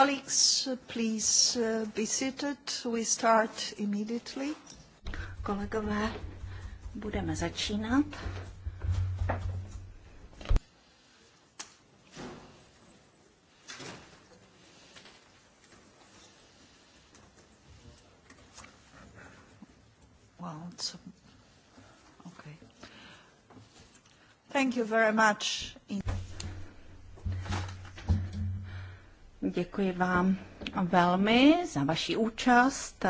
Colleagues, please uh, be seated. We start immediately. Kolegové, budeme začínat. Well, it's okay. Thank you very much Děkuji vám velmi za vaši účast.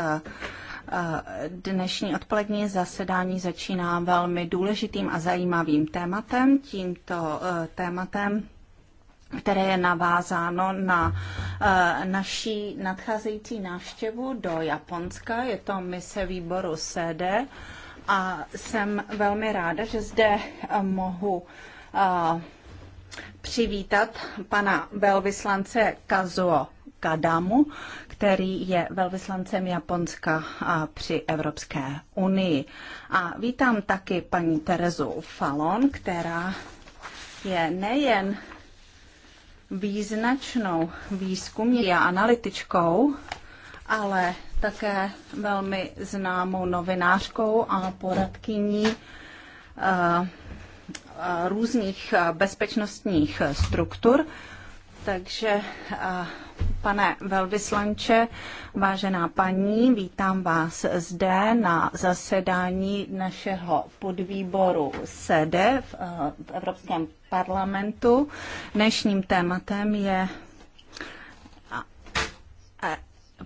Dnešní odpolední zasedání začíná velmi důležitým a zajímavým tématem. Tímto eh, tématem které je navázáno na eh, naší nadcházející návštěvu do Japonska. Je to mise výboru SEDE a jsem velmi ráda, že zde eh, mohu přivítat pana velvyslance Kazuo Kadamu, který je velvyslancem Japonska při Evropské unii. A vítám taky paní Terezu Falon, která je nejen význačnou výzkumní a analytičkou, ale také velmi známou novinářkou a poradkyní uh, různých bezpečnostních struktur. Takže, pane velvyslanče, vážená paní, vítám vás zde na zasedání našeho podvýboru SEDE v Evropském parlamentu. Dnešním tématem je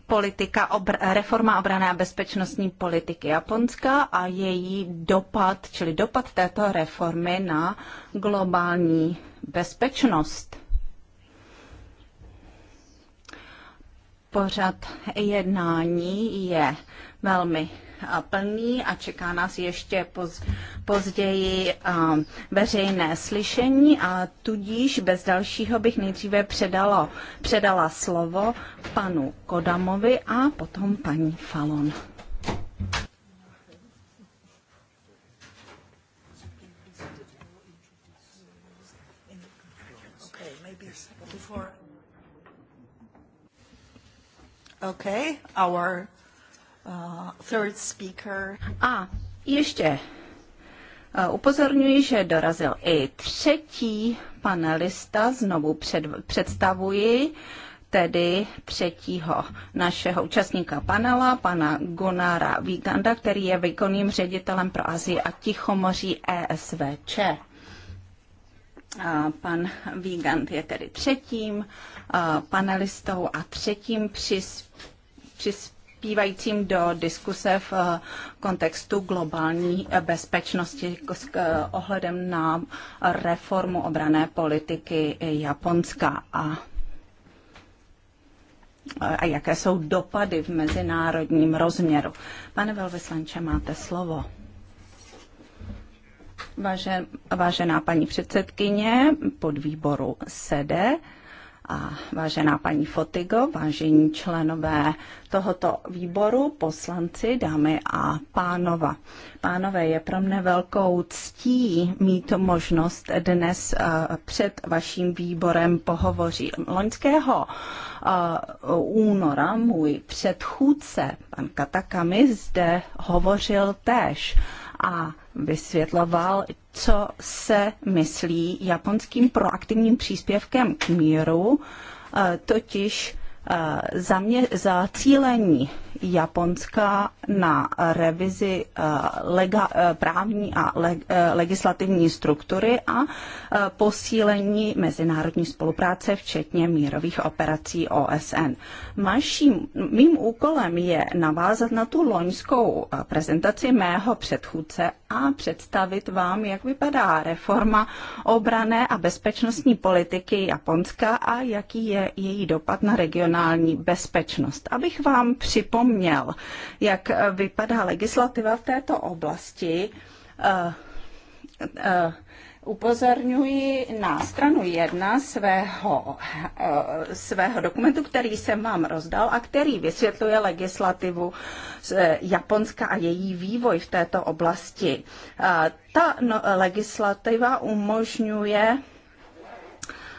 politika, obr- reforma obrané a bezpečnostní politiky Japonska a její dopad, čili dopad této reformy na globální bezpečnost. Pořad jednání je velmi plný a čeká nás ještě poz, později um, veřejné slyšení a tudíž bez dalšího bych nejdříve předalo, předala slovo panu Kodamovi a potom paní Falon. Okay, our Uh, third speaker. A ještě uh, Upozorňuji, že dorazil i třetí panelista, znovu před, představuji tedy třetího našeho účastníka panela, pana Gunara Víganda, který je výkonným ředitelem pro Azii a Tichomoří ESVČ. A pan Vígand je tedy třetím uh, panelistou a třetím přispěvajícím přispívajícím do diskuse v eh, kontextu globální eh, bezpečnosti s eh, ohledem na reformu obrané politiky Japonska a a jaké jsou dopady v mezinárodním rozměru. Pane velvyslanče, máte slovo. Vážená paní předsedkyně podvýboru SEDE, a vážená paní Fotigo, vážení členové tohoto výboru, poslanci, dámy a pánova. Pánové, je pro mne velkou ctí mít možnost dnes eh, před vaším výborem pohovořit. Loňského eh, února můj předchůdce, pan Katakami, zde hovořil též a vysvětloval, co se myslí japonským proaktivním příspěvkem k míru, eh, totiž Eh, za zacílení Japonska na revizi eh, lega, eh, právní a le, legislativní struktury a posílení mezinárodní spolupráce, včetně mírových operací OSN. Maším, mým úkolem je navázat na tu loňskou prezentaci mého předchůdce a představit vám, jak vypadá reforma obrané a bezpečnostní politiky Japonska a jaký je její dopad na region regionální bezpečnost. Abych vám připomněl, jak vypadá legislativa v této oblasti, eh, eh, upozorňuji na stranu 1 svého, eh, svého dokumentu, který jsem vám rozdal a který vysvětluje legislativu Japonska a její vývoj v této oblasti. Ta no, legislativa umožňuje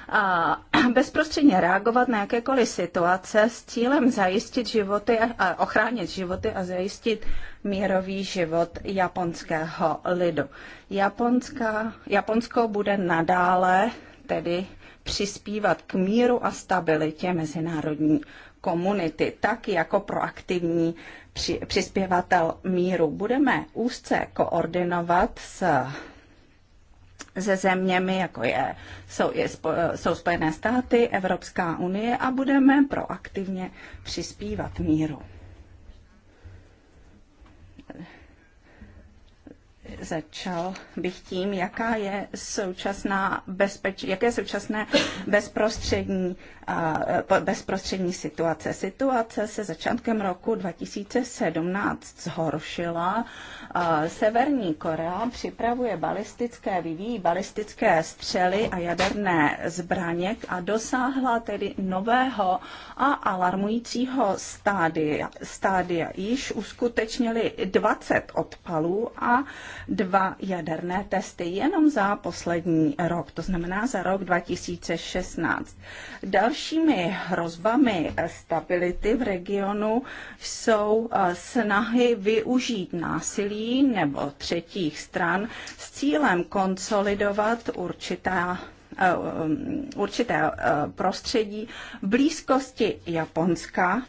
bezprostředně reagovat na jakékoliv situace s cílem zajistit životy a ochránit životy a zajistit mírový život japonského lidu. Japonská, Japonsko bude nadále tedy přispívat k míru a stabilitě mezinárodní komunity, tak jako proaktivní při, přispěvatel míru. Budeme úzce koordinovat s se zeměmi, jako je, jsou, je, jsou Spojené státy, Evropská unie a budeme proaktivně přispívat míru. Začal bych tím, jaká je současná bezpeč, jaké je současné bezprostřední E, bezprostřední situace. Situace se začátkem roku 2017 zhoršila. Severní Korea připravuje balistické, vyvíjí balistické střely a jaderné zbraně a dosáhla tedy nového a alarmujícího stádia. stádia. Již uskutečnili 20 odpalů a dva jaderné testy jenom za poslední rok, to znamená za rok 2016. Další Dalšími hrozbami stability v regionu jsou eh, snahy využít násilí nebo třetích stran s cílem konsolidovat určitá eh, určité eh, prostředí v blízkosti Japonska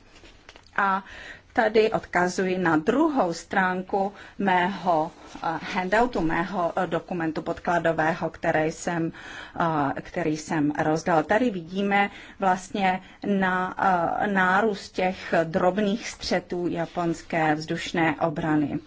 a Tady odkazuji na druhou stránku mého eh, handoutu, mého eh, dokumentu podkladového, který jsem, eh, který jsem rozdal. Tady vidíme vlastně na nárůst těch drobných střetů japonské vzdušné obrany.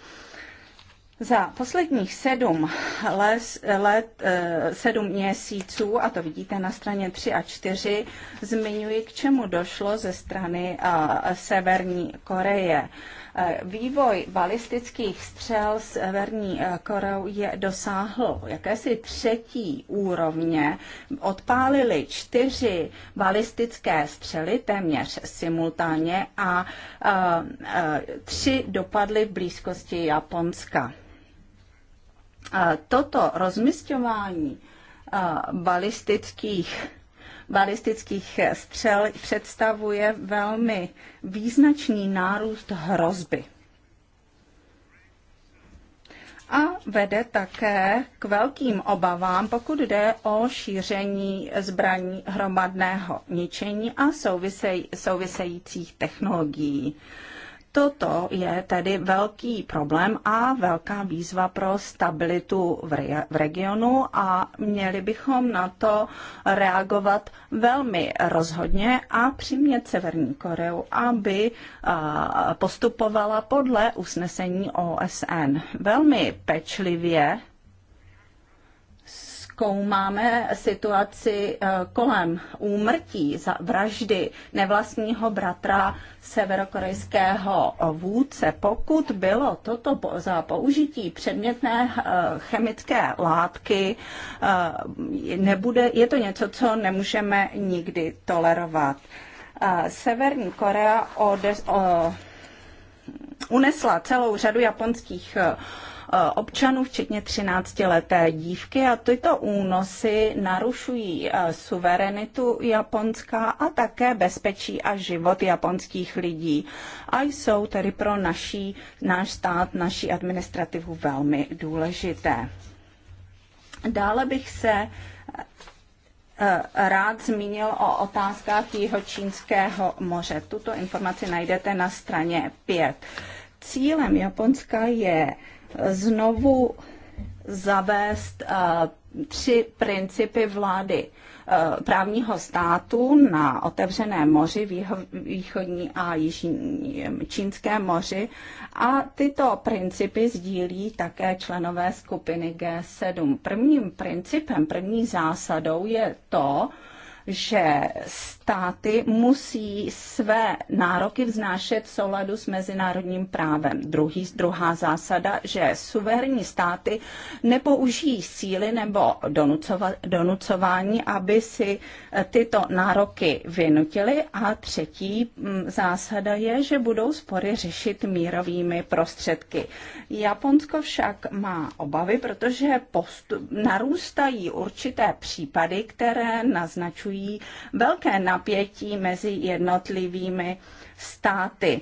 Za posledních sedm les, let, eh, sedm měsíců, a to vidíte na straně 3 a 4, zmiňuji, k čemu došlo ze strany eh, Severní Koreje. Eh, vývoj balistických střel Severní Koreou je dosáhl jakési třetí úrovně. Odpálili čtyři balistické střely téměř simultánně a, a, a tři dopadly v blízkosti Japonska toto rozmysťování balistických balistických střel představuje velmi význačný nárůst hrozby. A vede také k velkým obavám, pokud jde o šíření zbraní hromadného ničení a souvisejících technologií. Toto je tedy velký problém a velká výzva pro stabilitu v, re, v regionu a měli bychom na to reagovat velmi rozhodně a přimět Severní Koreu, aby postupovala podle usnesení OSN. Velmi pečlivě zkoumáme situaci eh, kolem úmrtí za vraždy nevlastního bratra severokorejského vůdce. Pokud bylo toto za použití předmětné eh, chemické látky, eh, nebude, je to něco, co nemůžeme nikdy tolerovat. Severní Korea odes, o, unesla celou řadu japonských uh, Eh, občanů, včetně 13-leté dívky a tyto únosy narušují eh, suverenitu Japonska a také bezpečí a život japonských lidí a jsou tedy pro naší, náš stát, naší administrativu velmi důležité. Dále bych se eh, rád zmínil o otázkách Jihočínského moře. Tuto informaci najdete na straně 5. Cílem Japonska je znovu zavést eh, tři principy vlády eh, právního státu na otevřené moři, východní a jižní čínské moři. A tyto principy sdílí také členové skupiny G7. Prvním principem, první zásadou je to, že státy musí své nároky vznášet v souladu s mezinárodním právem. Druhý, druhá zásada, že suverénní státy nepoužijí síly nebo donucova, donucování, aby si eh, tyto nároky vynutily. A třetí mm, zásada je, že budou spory řešit mírovými prostředky. Japonsko však má obavy, protože postup, narůstají určité případy, které naznačují velké napětí napětí mezi jednotlivými státy.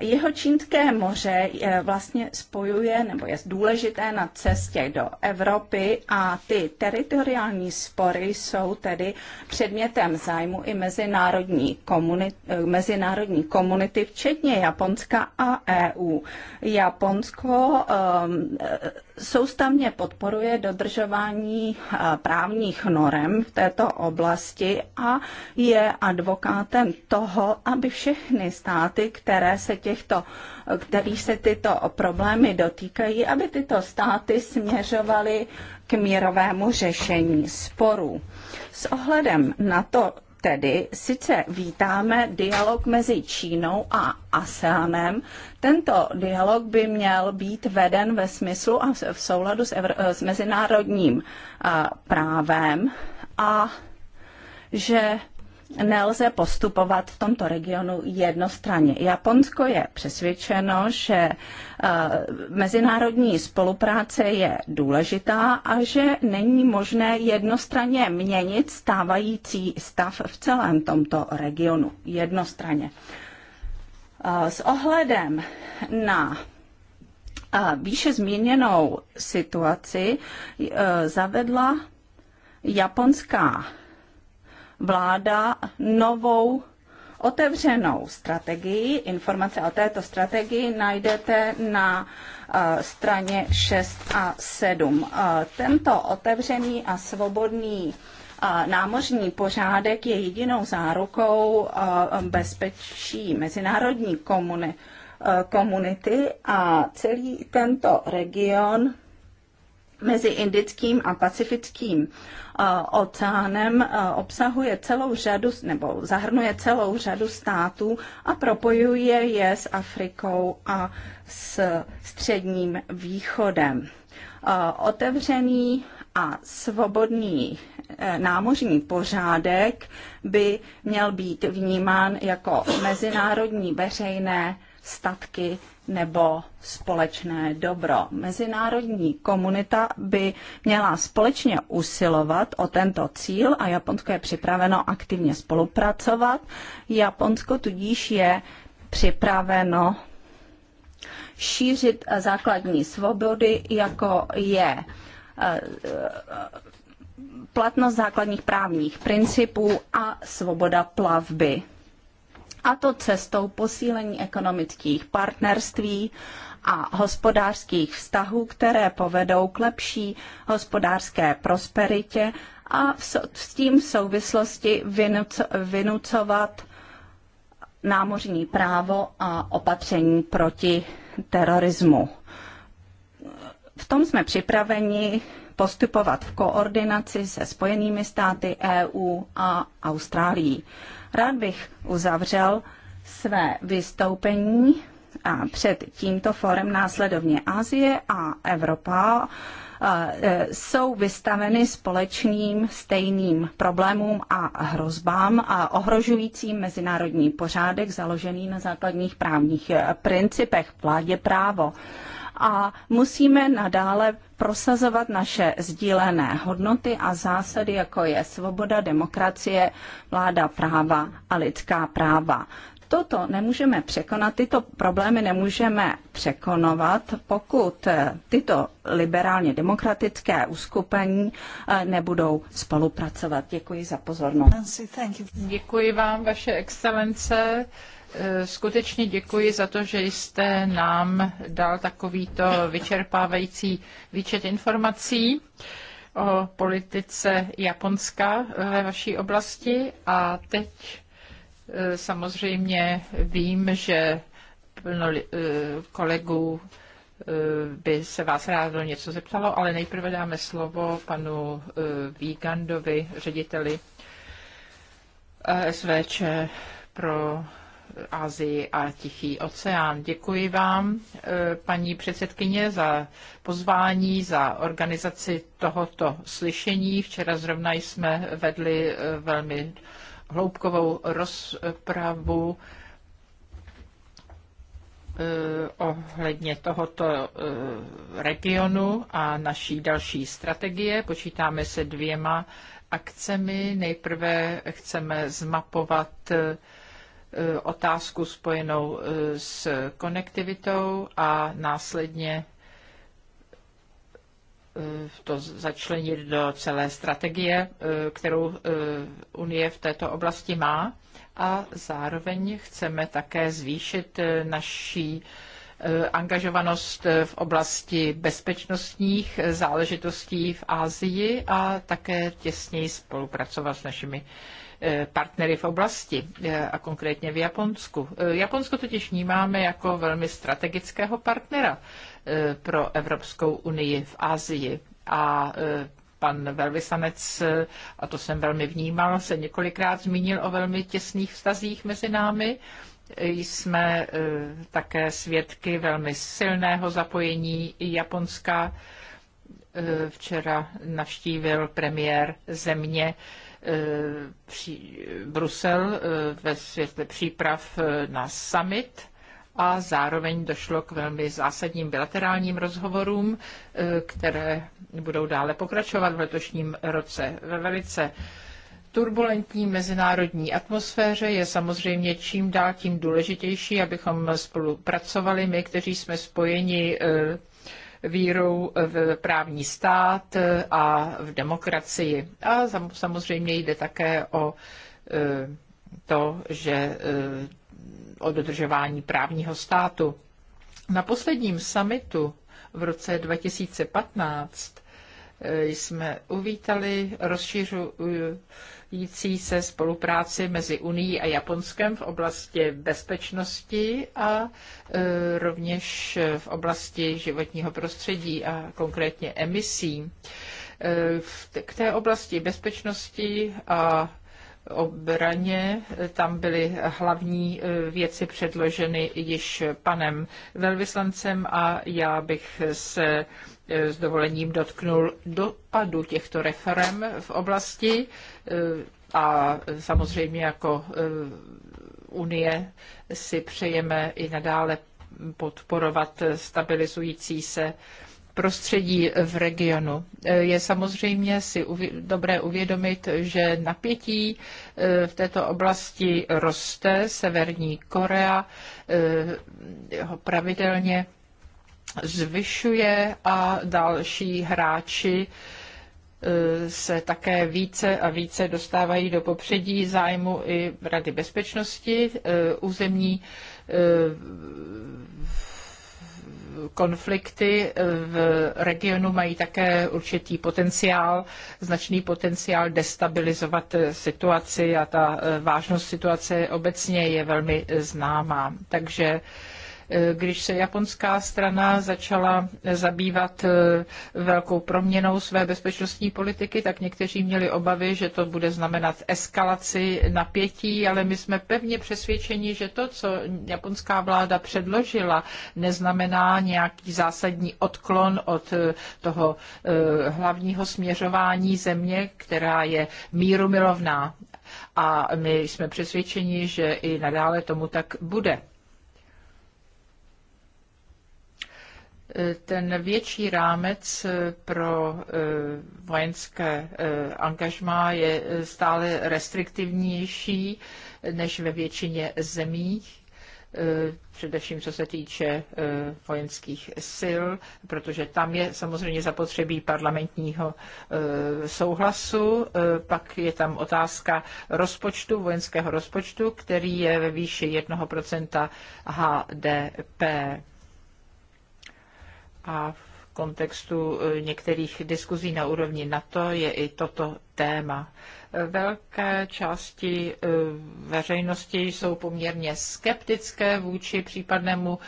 Jeho čínské moře eh, vlastně spojuje nebo je důležité na cestě do Evropy a ty teritoriální spory jsou tedy předmětem zájmu i mezinárodní komunity, eh, mezinárodní komunity včetně Japonska a EU. Japonsko um, soustavně podporuje dodržování eh, právních norem v této oblasti a je advokátem toho, aby všechny státy, které se těchto, který se tyto problémy dotýkají, aby tyto státy směřovaly k mírovému řešení sporů. S ohledem na to, tedy sice vítáme dialog mezi Čínou a ASEANem, tento dialog by měl být veden ve smyslu a v souladu s, evr- s mezinárodním právem a že nelze postupovat v tomto regionu jednostranně. Japonsko je přesvědčeno, že eh, mezinárodní spolupráce je důležitá a že není možné jednostranně měnit stávající stav v celém tomto regionu. Jednostranně. Eh, s ohledem na eh, výše zmíněnou situaci zavedla japonská vláda novou otevřenou strategii. Informace o této strategii najdete na eh, straně 6 a 7. Eh, tento otevřený a svobodný eh, námořní pořádek je jedinou zárukou bezpečí mezinárodní komunity a celý tento region mezi Indickým a Pacifickým uh, oceánem uh, obsahuje celou řadu, nebo zahrnuje celou řadu států a propojuje je s Afrikou a s Středním východem. Uh, otevřený a svobodný eh, námořní pořádek by měl být vnímán jako mezinárodní veřejné statky nebo společné dobro. Mezinárodní komunita by měla společně usilovat o tento cíl a Japonsko je připraveno aktivně spolupracovat. Japonsko tudíž je připraveno šířit základní svobody, jako je eh, platnost základních právních principů a svoboda plavby a to cestou posílení ekonomických partnerství a hospodářských vztahů, které povedou k lepší hospodářské prosperitě a s tím v souvislosti vynucovat námořní právo a opatření proti terorismu. V tom jsme připraveni postupovat v koordinaci se Spojenými státy EU a Austrálií. Rád bych uzavřel své vystoupení a před tímto forem následovně Asie a Evropa eh, jsou vystaveny společným stejným problémům a hrozbám a ohrožujícím mezinárodní pořádek založený na základních právních eh, principech vládě právo a musíme nadále prosazovat naše sdílené hodnoty a zásady, jako je svoboda, demokracie, vláda práva a lidská práva toto nemůžeme překonat, tyto problémy nemůžeme překonovat, pokud eh, tyto liberálně demokratické uskupení eh, nebudou spolupracovat. Děkuji za pozornost. Děkuji vám, vaše excelence. Eh, skutečně děkuji za to, že jste nám dal takovýto vyčerpávající výčet informací o politice Japonska eh, ve vaší oblasti a teď eh, samozřejmě vím, že kolegů by se vás rádo něco zeptalo, ale nejprve dáme slovo panu Vígandovi, řediteli SVČ pro Asii a Tichý oceán. Děkuji vám, eh, paní předsedkyně, za pozvání, za organizaci tohoto slyšení. Včera zrovna jsme vedli eh, velmi hloubkovou rozpravu eh, ohledně tohoto regionu a naší další strategie. Počítáme se dvěma akcemi. Nejprve chceme zmapovat E, otázku spojenou e, s konektivitou a následně e, to začlenit do celé strategie, kterou Unie v této oblasti má. A zároveň chceme také zvýšit naší angažovanost v oblasti bezpečnostních záležitostí v Ázii a také těsněji spolupracovat s našimi E, partnery v oblasti e, a konkrétně v Japonsku. E, Japonsko totiž vnímáme jako velmi strategického partnera pro Evropskou unii v Asii a pan velvyslanec, a to jsem velmi vnímal, se několikrát zmínil o velmi těsných vztazích mezi námi. Jsme také svědky velmi silného zapojení Japonska. Včera navštívil premiér země Eh, pří, Brusel eh, ve světle příprav eh, na summit a zároveň došlo k velmi zásadním bilaterálním rozhovorům, které budou dále pokračovat v letošním roce. Ve velice turbulentní mezinárodní atmosféře je samozřejmě čím dál tím důležitější, abychom spolupracovali my, kteří jsme spojeni vírou v právní stát a v demokracii. A samozřejmě jde také o eh, to, že eh, o dodržování právního státu. Na posledním summitu v roce 2015 eh, jsme uvítali rozšířu týkající se spolupráci mezi Unii a Japonskem v oblasti bezpečnosti a e, rovněž v oblasti životního prostředí a konkrétně emisí. E, k té oblasti bezpečnosti a obraně. E, tam byly hlavní věci předloženy již panem velvyslancem a já bych se s dovolením dotknul dopadu těchto reform v oblasti Eh, a samozřejmě jako eh, Unie si přejeme i nadále podporovat stabilizující se prostředí v regionu. Eh, je samozřejmě si dobré uvědomit, že napětí v této oblasti roste. Severní Korea ho pravidelně zvyšuje a další hráči Eh, se také více a více dostávají do popředí zájmu i Rady bezpečnosti. Eh, územní eh, konflikty v regionu mají také určitý potenciál, značný potenciál destabilizovat situaci a ta vážnost situace obecně je velmi známá. Takže když se japonská strana začala zabývat e, velkou proměnou své bezpečnostní politiky, tak někteří měli obavy, že to bude znamenat eskalaci napětí, ale my jsme pevně přesvědčeni, že to, co japonská vláda předložila, neznamená nějaký zásadní odklon od e, toho e, hlavního směřování země, která je mírumilovná. A my jsme přesvědčeni, že i nadále tomu tak bude. E, ten větší rámec e, pro e, vojenské angažmá je stále restriktivnější než ve většině zemí, především co se týče vojenských sil, protože tam je samozřejmě zapotřebí parlamentního souhlasu. Pak je tam otázka rozpočtu, vojenského rozpočtu, který je ve výši 1% HDP a v kontextu e, některých diskuzí na úrovni NATO je i toto téma. E, velké části e, veřejnosti jsou poměrně skeptické vůči případnému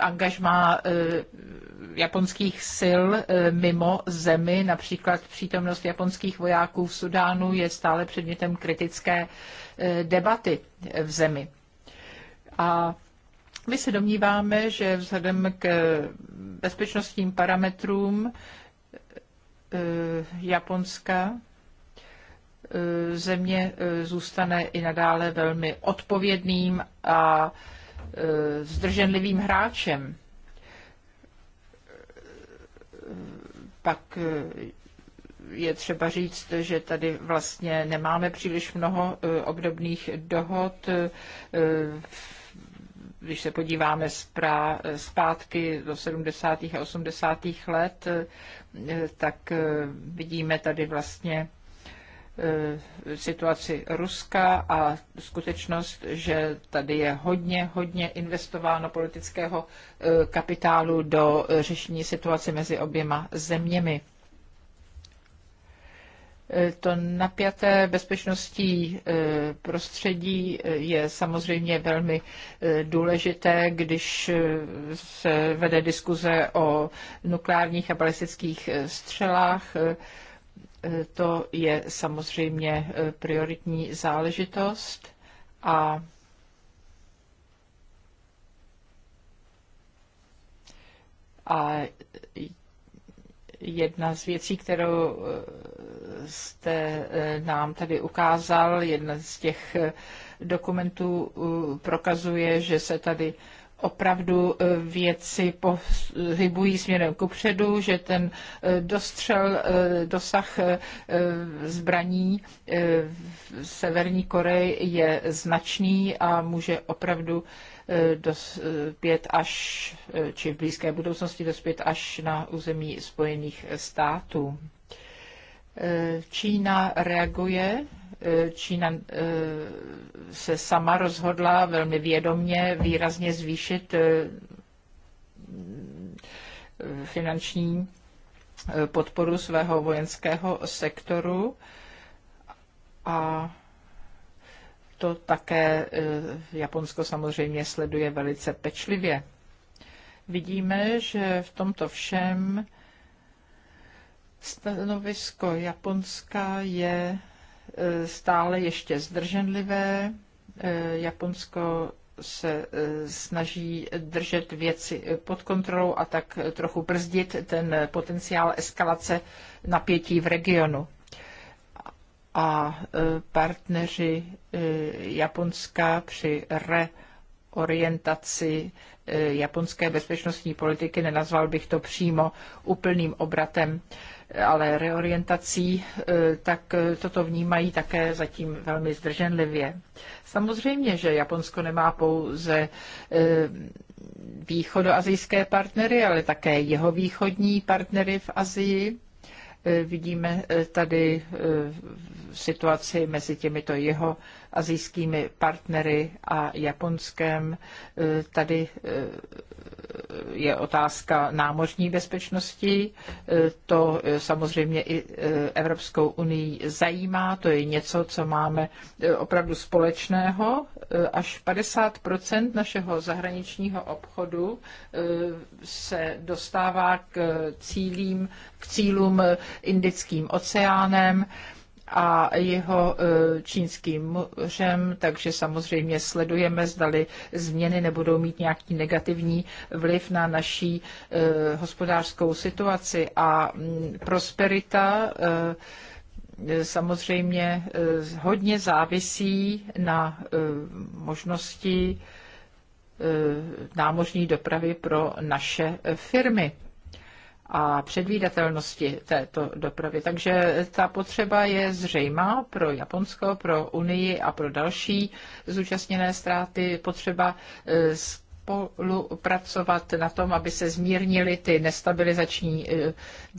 angažmá japonských sil mimo zemi. Například přítomnost japonských vojáků v Sudánu je stále předmětem kritické debaty v zemi. A my se domníváme, že vzhledem k eh, bezpečnostním parametrům eh, Japonska eh, země zůstane i nadále velmi odpovědným a zdrženlivým hráčem. Pak je třeba říct, že tady vlastně nemáme příliš mnoho obdobných dohod. V když se podíváme zprá- zpátky do 70. a 80. let, eh, tak eh, vidíme tady vlastně eh, situaci Ruska a skutečnost, že tady je hodně, hodně investováno politického kapitálu do řešení situace mezi oběma zeměmi. To napjaté bezpečností e, prostředí e, je samozřejmě velmi e, důležité, když se vede diskuze o nukleárních a balistických střelách. To je samozřejmě prioritní záležitost a a jedna z věcí, kterou jste eh, nám tady ukázal. Jeden z těch eh, dokumentů eh, prokazuje, že se tady opravdu věci pohybují směrem ku předu, že ten dostřel, dosah zbraní v Severní Koreji je značný a může opravdu dospět až, či v blízké budoucnosti dospět až na území Spojených států. Čína reaguje Čína eh, se sama rozhodla velmi vědomně výrazně zvýšit eh, finanční eh, podporu svého vojenského sektoru a to také Japonsko samozřejmě sleduje velice pečlivě. Vidíme, že v tomto všem Stanovisko Japonska je e, stále ještě zdrženlivé. E, Japonsko se e, snaží držet věci pod kontrolou a tak trochu brzdit ten potenciál eskalace napětí v regionu. A partneři Japonska při reorientaci japonské bezpečnostní politiky, nenazval bych to přímo úplným obratem ale reorientací, e, tak e, toto vnímají také zatím velmi zdrženlivě. Samozřejmě, že Japonsko nemá pouze e, východoazijské partnery, ale také jeho východní partnery v Azii. Vidíme tady situaci mezi těmito jeho azijskými partnery a japonském e, Tady e, je otázka námořní bezpečnosti. E, to samozřejmě i Evropskou unii zajímá. To je něco, co máme opravdu společného. Až 50 našeho zahraničního obchodu se dostává k cílím, k cílům Indickým oceánem a jeho e, čínským mořem, takže samozřejmě sledujeme, zdali změny nebudou mít nějaký negativní vliv na naší e, hospodářskou situaci a mm, prosperita e, samozřejmě hodně závisí na možnosti námořní dopravy pro naše firmy a předvídatelnosti této dopravy. Takže ta potřeba je zřejmá pro Japonsko, pro Unii a pro další zúčastněné ztráty. Potřeba e, spolupracovat na tom, aby se zmírnily ty nestabilizační e,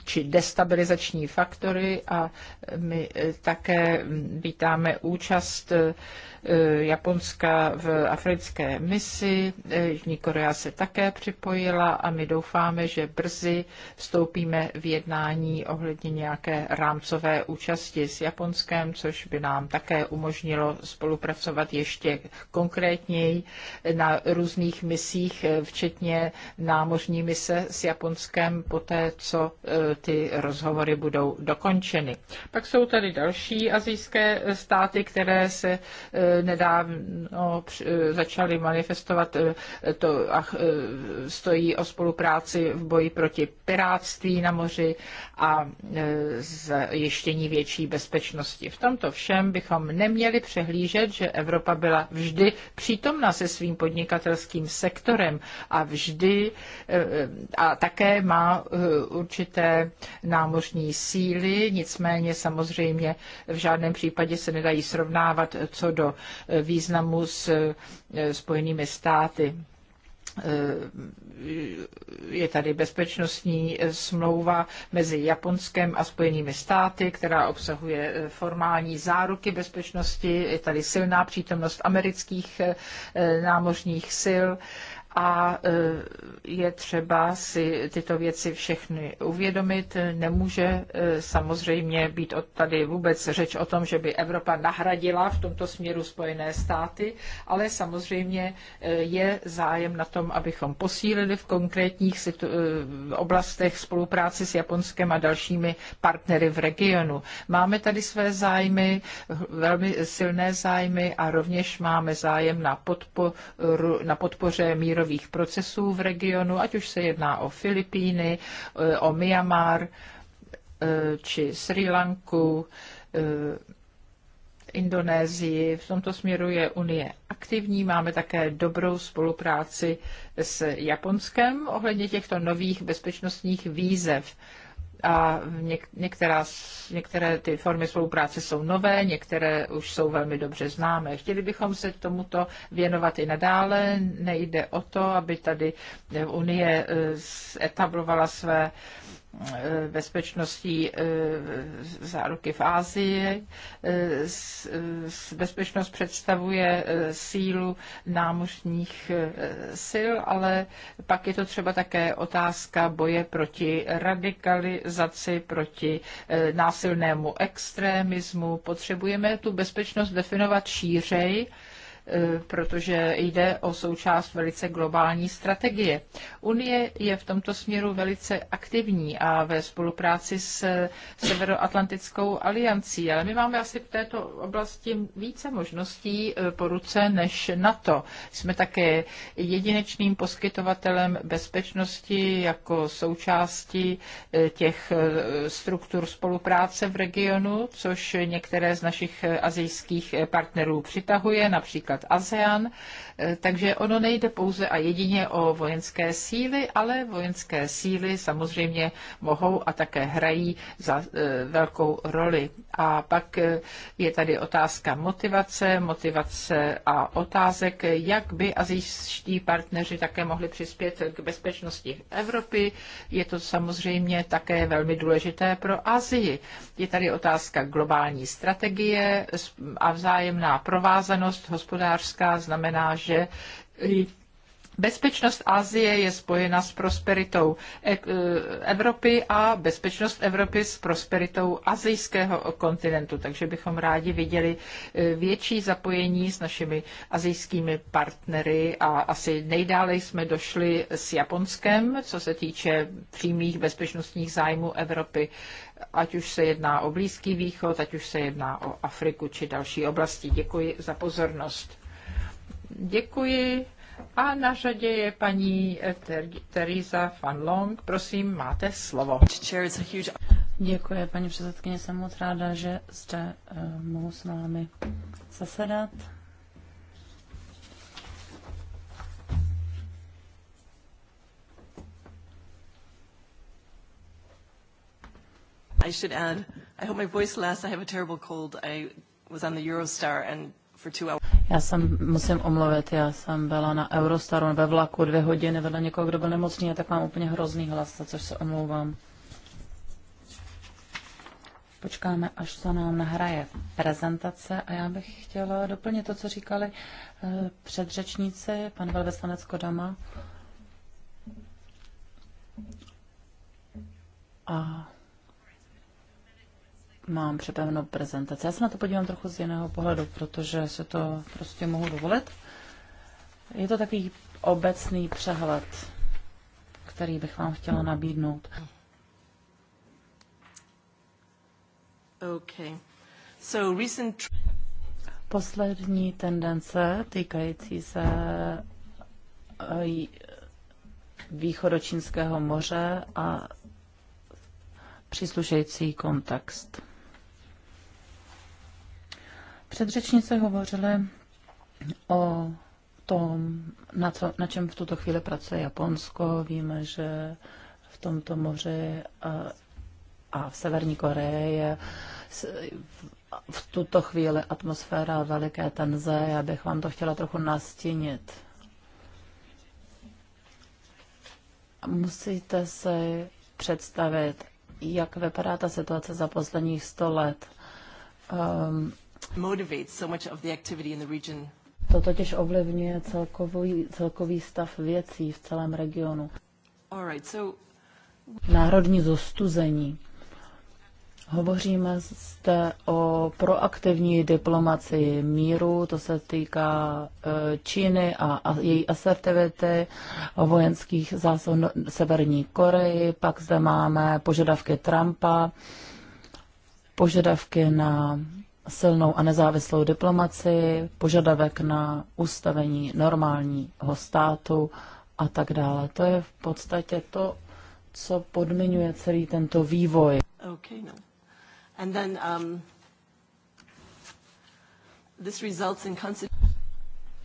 či destabilizační faktory a my e, také vítáme účast E, Japonska v africké misi, e, Jižní Korea se také připojila a my doufáme, že brzy vstoupíme v jednání ohledně nějaké rámcové účasti s Japonskem, což by nám také umožnilo spolupracovat ještě konkrétněji na různých misích, e, včetně námořní mise s Japonskem, poté co ty rozhovory budou dokončeny. Pak jsou tady další azijské státy, které se nedávno začali manifestovat eh, to a eh, stojí o spolupráci v boji proti pirátství na moři a eh, zajištění větší bezpečnosti. V tomto všem bychom neměli přehlížet, že Evropa byla vždy přítomna se svým podnikatelským sektorem a vždy a také má určité námořní síly, nicméně samozřejmě v žádném případě se nedají srovnávat co do významu s e, Spojenými státy e, je tady bezpečnostní e, smlouva mezi Japonskem a Spojenými státy, která obsahuje formální záruky bezpečnosti. Je tady silná přítomnost amerických námořních sil a e, je třeba si tyto věci všechny uvědomit. Nemůže e, samozřejmě být od tady vůbec řeč o tom, že by Evropa nahradila v tomto směru Spojené státy, ale samozřejmě e, je zájem na tom, abychom posílili v konkrétních oblastech spolupráci s Japonskem a dalšími partnery v regionu. Máme tady své zájmy, velmi silné zájmy a rovněž máme zájem na, podpo- na podpoře mírových mírových procesů v regionu, ať už se jedná o Filipíny, eh, o Myanmar eh, či Sri Lanku, eh, Indonésii. V tomto směru je Unie aktivní. Máme také dobrou spolupráci s Japonskem ohledně těchto nových bezpečnostních výzev a některá, některé ty formy spolupráce jsou nové, některé už jsou velmi dobře známé. Chtěli bychom se tomuto věnovat i nadále. Nejde o to, aby tady Unie eh, etablovala své Eh, bezpečnostní eh, záruky v Ázii. Eh, bezpečnost představuje sílu námořních sil, ale pak je to třeba také otázka boje proti radikalizaci, proti násilnému extrémismu. Potřebujeme tu bezpečnost definovat šířej Eh, protože jde o součást velice globální strategie. Unie je v tomto směru velice aktivní a ve spolupráci s Severoatlantickou aliancí, ale my máme asi v této oblasti více možností eh, po ruce než NATO. Jsme také jedinečným poskytovatelem bezpečnosti jako součásti eh, těch struktur spolupráce v regionu, což některé z našich azijských partnerů přitahuje, například například ASEAN. Eh, takže ono nejde pouze a jedině o vojenské síly, ale vojenské síly samozřejmě mohou a také hrají za eh, velkou roli. A pak eh, je tady otázka motivace, motivace a otázek, jak by azijští partneři také mohli přispět k bezpečnosti Evropy. Je to samozřejmě také velmi důležité pro Azii. Je tady otázka globální strategie a vzájemná provázanost hospodářství hospodářská znamená, že Bezpečnost Asie je spojena s prosperitou eh, Evropy a bezpečnost Evropy s prosperitou azijského kontinentu, takže bychom rádi viděli eh, větší zapojení s našimi azijskými partnery a asi nejdále jsme došli s Japonskem, co se týče přímých bezpečnostních zájmů Evropy, ať už se jedná o Blízký východ, ať už se jedná o Afriku či další oblasti. Děkuji za pozornost. Děkuji. A na řadě je paní eh, Ter- Teresa van Long. Prosím, máte slovo. Děkuji, paní předsedkyně. Jsem moc ráda, že zde uh, mohu s námi zasedat. I should add, I hope my voice lasts. I have a terrible cold. I was on the Eurostar and for two hours. Já jsem, musím omluvit, já jsem byla na Eurostaru ve vlaku dvě hodiny vedle někoho, kdo byl nemocný a tak mám úplně hrozný hlas, za což se omlouvám. Počkáme, až se nám nahraje prezentace a já bych chtěla doplnit to, co říkali eh, předřečníci, pan velvyslanec Kodama. A mám připravenou prezentaci. Já se na to podívám trochu z jiného pohledu, protože se to prostě mohu dovolit. Je to takový obecný přehled, který bych vám chtěla nabídnout. Okay. So recent... Poslední tendence týkající se eh, východočínského moře a příslušející kontext. Předřečnice hovořily o tom, na, co, na čem v tuto chvíli pracuje Japonsko. Víme, že v tomto moři a v Severní Koreji je v tuto chvíli atmosféra veliké tenze. Já bych vám to chtěla trochu nastínit. Musíte si představit, jak vypadá ta situace za posledních 100 let. Um, to totiž ovlivňuje celkový, celkový stav věcí v celém regionu. Národní zostuzení. Hovoříme zde o proaktivní diplomacii míru, to se týká e, Číny a, její asertivity, o vojenských zásob no, Severní Koreji, pak zde máme požadavky Trumpa, požadavky na silnou a nezávislou diplomaci, požadavek na ustavení normálního státu a tak dále. To je v podstatě to, co podmiňuje celý tento vývoj. Okay, no. And then, um, this results in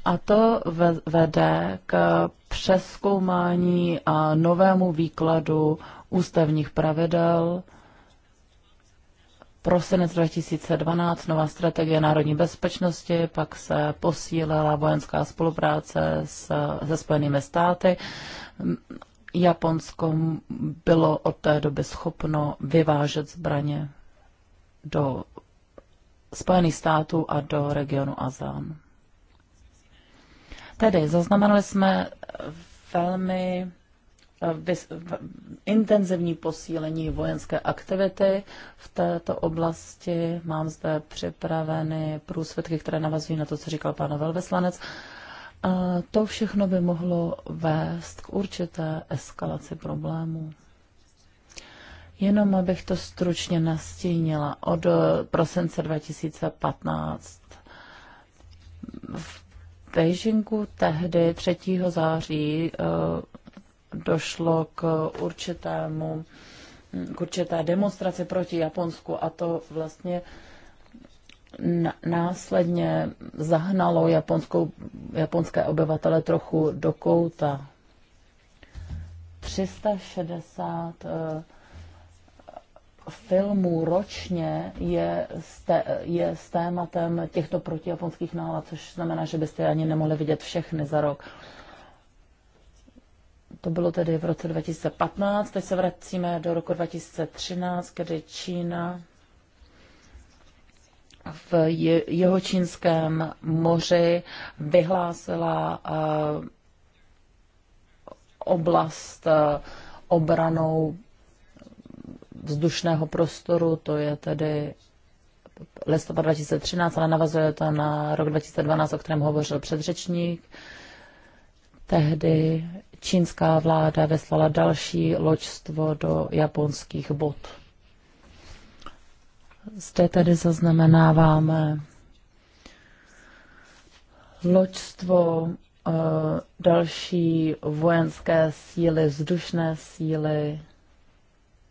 a to vede k přeskoumání a novému výkladu ústavních pravidel prosinec 2012 nová strategie národní bezpečnosti, pak se posílila vojenská spolupráce s, se Spojenými státy. Japonsko bylo od té doby schopno vyvážet zbraně do Spojených států a do regionu Azán. Tedy zaznamenali jsme velmi intenzivní posílení vojenské aktivity v této oblasti. Mám zde připraveny průsvědky, které navazují na to, co říkal pán velvyslanec. A to všechno by mohlo vést k určité eskalaci problémů. Jenom abych to stručně nastínila. Od prosince 2015 v Pejžinku tehdy 3. září eh, došlo k určitému k určité demonstraci proti Japonsku a to vlastně následně zahnalo japonskou, japonské obyvatele trochu do kouta. 360 eh, filmů ročně je s, te, je s tématem těchto protijaponských nálad, což znamená, že byste ani nemohli vidět všechny za rok. To bylo tedy v roce 2015, teď se vracíme do roku 2013, kdy Čína v jeho čínském moři vyhlásila eh, oblast eh, obranou vzdušného prostoru, to je tedy listopad 2013, ale navazuje to na rok 2012, o kterém hovořil předřečník. Tehdy čínská vláda vyslala další loďstvo do japonských bod. Zde tedy zaznamenáváme loďstvo, eh, další vojenské síly, vzdušné síly,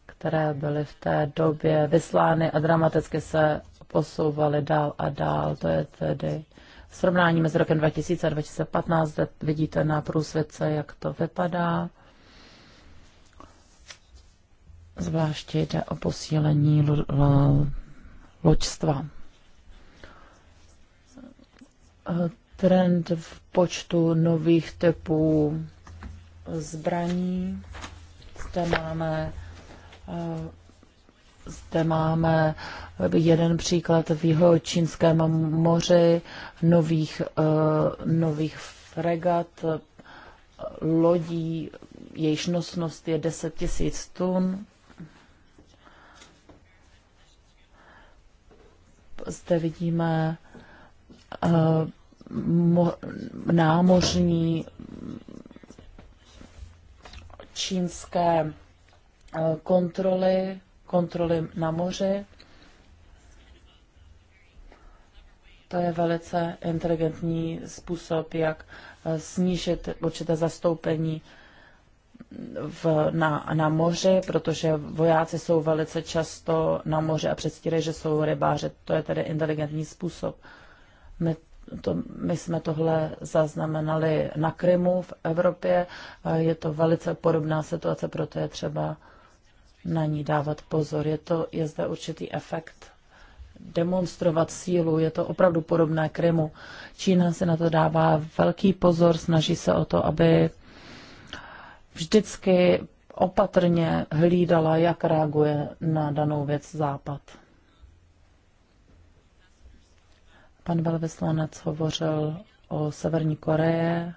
které byly v té době vyslány a dramaticky se posouvaly dál a dál. To je tedy srovnání mezi rokem 2000 a 2015 zde vidíte na průsvědce, jak to vypadá. Zvláště jde o posílení loďstva. Trend v počtu nových typů zbraní. Zde máme eh, zde máme jeden příklad v jeho čínském moři nových, eh, nových fregat, lodí, jejíž nosnost je 10 tisíc tun. Zde vidíme eh, námořní čínské eh, kontroly kontroly na moři. To je velice inteligentní způsob, jak eh, snížit určité zastoupení v, na, na moři, protože vojáci jsou velice často na moři a předstírají, že jsou rybáři. To je tedy inteligentní způsob. My, to, my jsme tohle zaznamenali na Krymu v Evropě. Eh, je to velice podobná situace, proto je třeba na ní dávat pozor. Je, to, je zde určitý efekt demonstrovat sílu. Je to opravdu podobné Krymu. Čína se na to dává velký pozor, snaží se o to, aby vždycky opatrně hlídala, jak reaguje na danou věc Západ. Pan velvyslanec hovořil o Severní Koreje.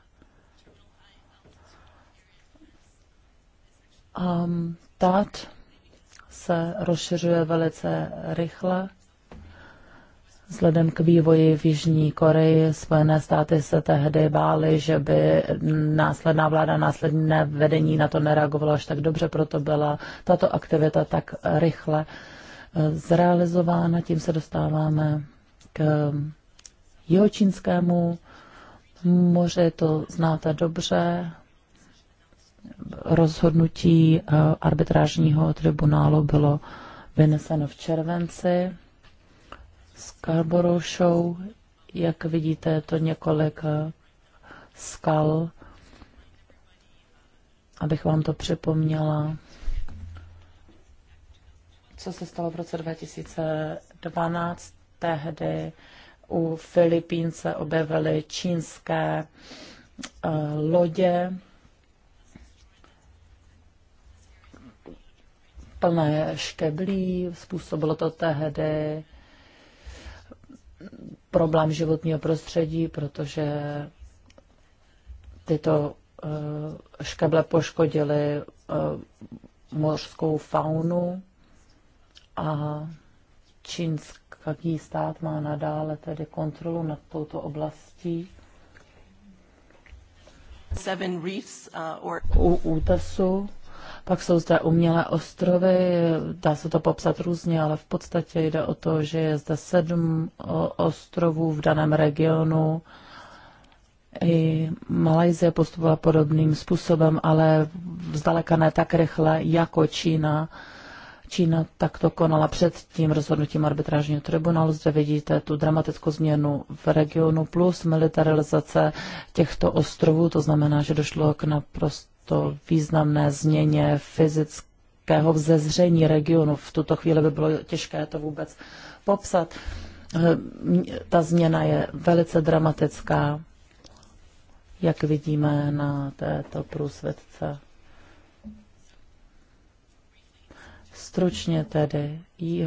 Um, Tát se rozšiřuje velice rychle. Vzhledem k vývoji v Jižní Koreji Spojené státy se tehdy bály, že by následná vláda, následné vedení na to nereagovalo až tak dobře, proto byla tato aktivita tak rychle eh, zrealizována. Tím se dostáváme k jihočínskému moři, to znáte dobře rozhodnutí eh, arbitrážního tribunálu bylo vyneseno v červenci. Scarborough Show, jak vidíte, je to několik eh, skal, abych vám to připomněla. Co se stalo v roce 2012? Tehdy u Filipín se objevily čínské eh, lodě, plné škeblí, způsobilo to tehdy problém životního prostředí, protože tyto eh, škeble poškodily eh, mořskou faunu a čínský stát má nadále tedy kontrolu nad touto oblastí. Uh, U útesu pak jsou zde umělé ostrovy, dá se to popsat různě, ale v podstatě jde o to, že je zde sedm ostrovů v daném regionu. I Malajzie postupovala podobným způsobem, ale zdaleka ne tak rychle jako Čína. Čína takto konala před tím rozhodnutím arbitrážního tribunálu. Zde vidíte tu dramatickou změnu v regionu plus militarizace těchto ostrovů. To znamená, že došlo k naprosto to významné změně fyzického vzezření regionu. V tuto chvíli by bylo těžké to vůbec popsat. Eh, ta změna je velice dramatická, jak vidíme na této průsvědce. Stručně tedy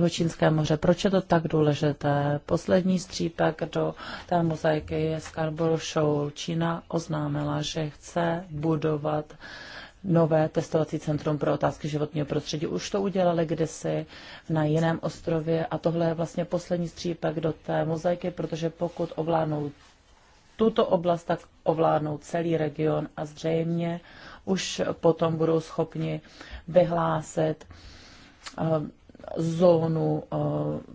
Čínské moře. Proč je to tak důležité? Poslední střípek do té mozaiky je Scarborough Shoal. Čína oznámila, že chce budovat nové testovací centrum pro otázky životního prostředí. Už to udělali kdysi na jiném ostrově a tohle je vlastně poslední střípek do té mozaiky, protože pokud ovládnou tuto oblast, tak ovládnou celý region a zřejmě už potom budou schopni vyhlásit eh, zónu eh,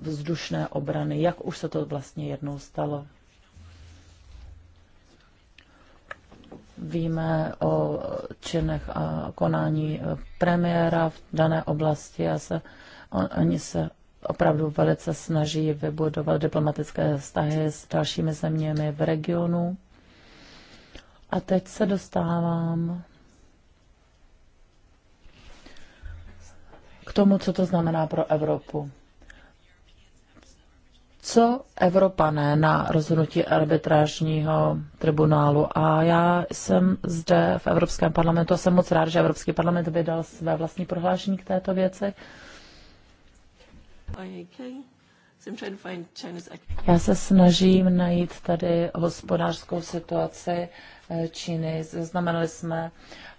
vzdušné obrany, jak už se to vlastně jednou stalo. Víme o činech a konání eh, premiéra v dané oblasti a se, on, oni se opravdu velice snaží vybudovat diplomatické vztahy s dalšími zeměmi v regionu. A teď se dostávám k tomu, co to znamená pro Evropu. Co Evropané na rozhodnutí arbitrážního tribunálu? A já jsem zde v Evropském parlamentu a jsem moc rád, že Evropský parlament vydal své vlastní prohlášení k této věci. Já se snažím najít tady hospodářskou situaci eh, Číny. Zaznamenali jsme uh,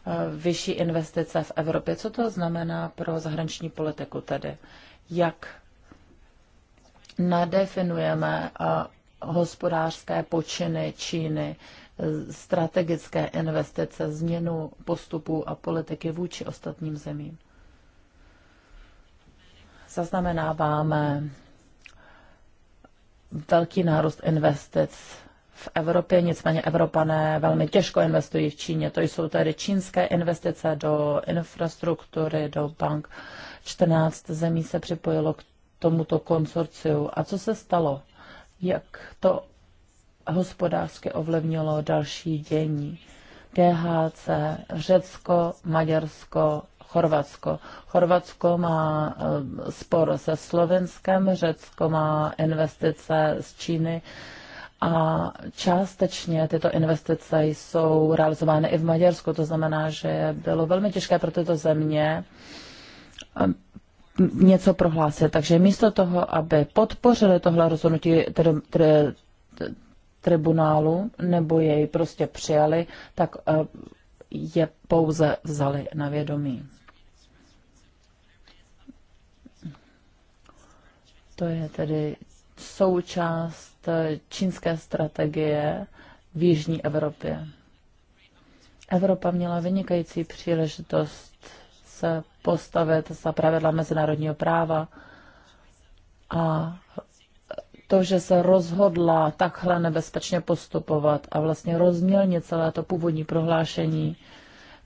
Eh, vyšší investice v Evropě. Co to znamená pro zahraniční politiku tedy? Jak nadefinujeme eh, hospodářské počiny Číny, eh, strategické investice, změnu postupů a politiky vůči ostatním zemím? Zaznamenáváme velký nárost investic v Evropě, nicméně Evropané velmi těžko investují v Číně. To jsou tedy čínské investice do infrastruktury, do bank. 14 zemí se připojilo k tomuto konsorciu. A co se stalo? Jak to hospodářsky ovlivnilo další dění? DHC, Řecko, Maďarsko, Chorvatsko. Chorvatsko má eh, spor se Slovenskem, Řecko má investice z Číny. A částečně tyto investice jsou realizovány i v Maďarsku, to znamená, že bylo velmi těžké pro tyto země um, něco prohlásit. Takže místo toho, aby podpořili tohle rozhodnutí tri, tri, tribunálu nebo jej prostě přijali, tak uh, je pouze vzali na vědomí. To je tedy součást čínské strategie v Jižní Evropě. Evropa měla vynikající příležitost se postavit za pravidla mezinárodního práva a to, že se rozhodla takhle nebezpečně postupovat a vlastně rozmělnit celé to původní prohlášení,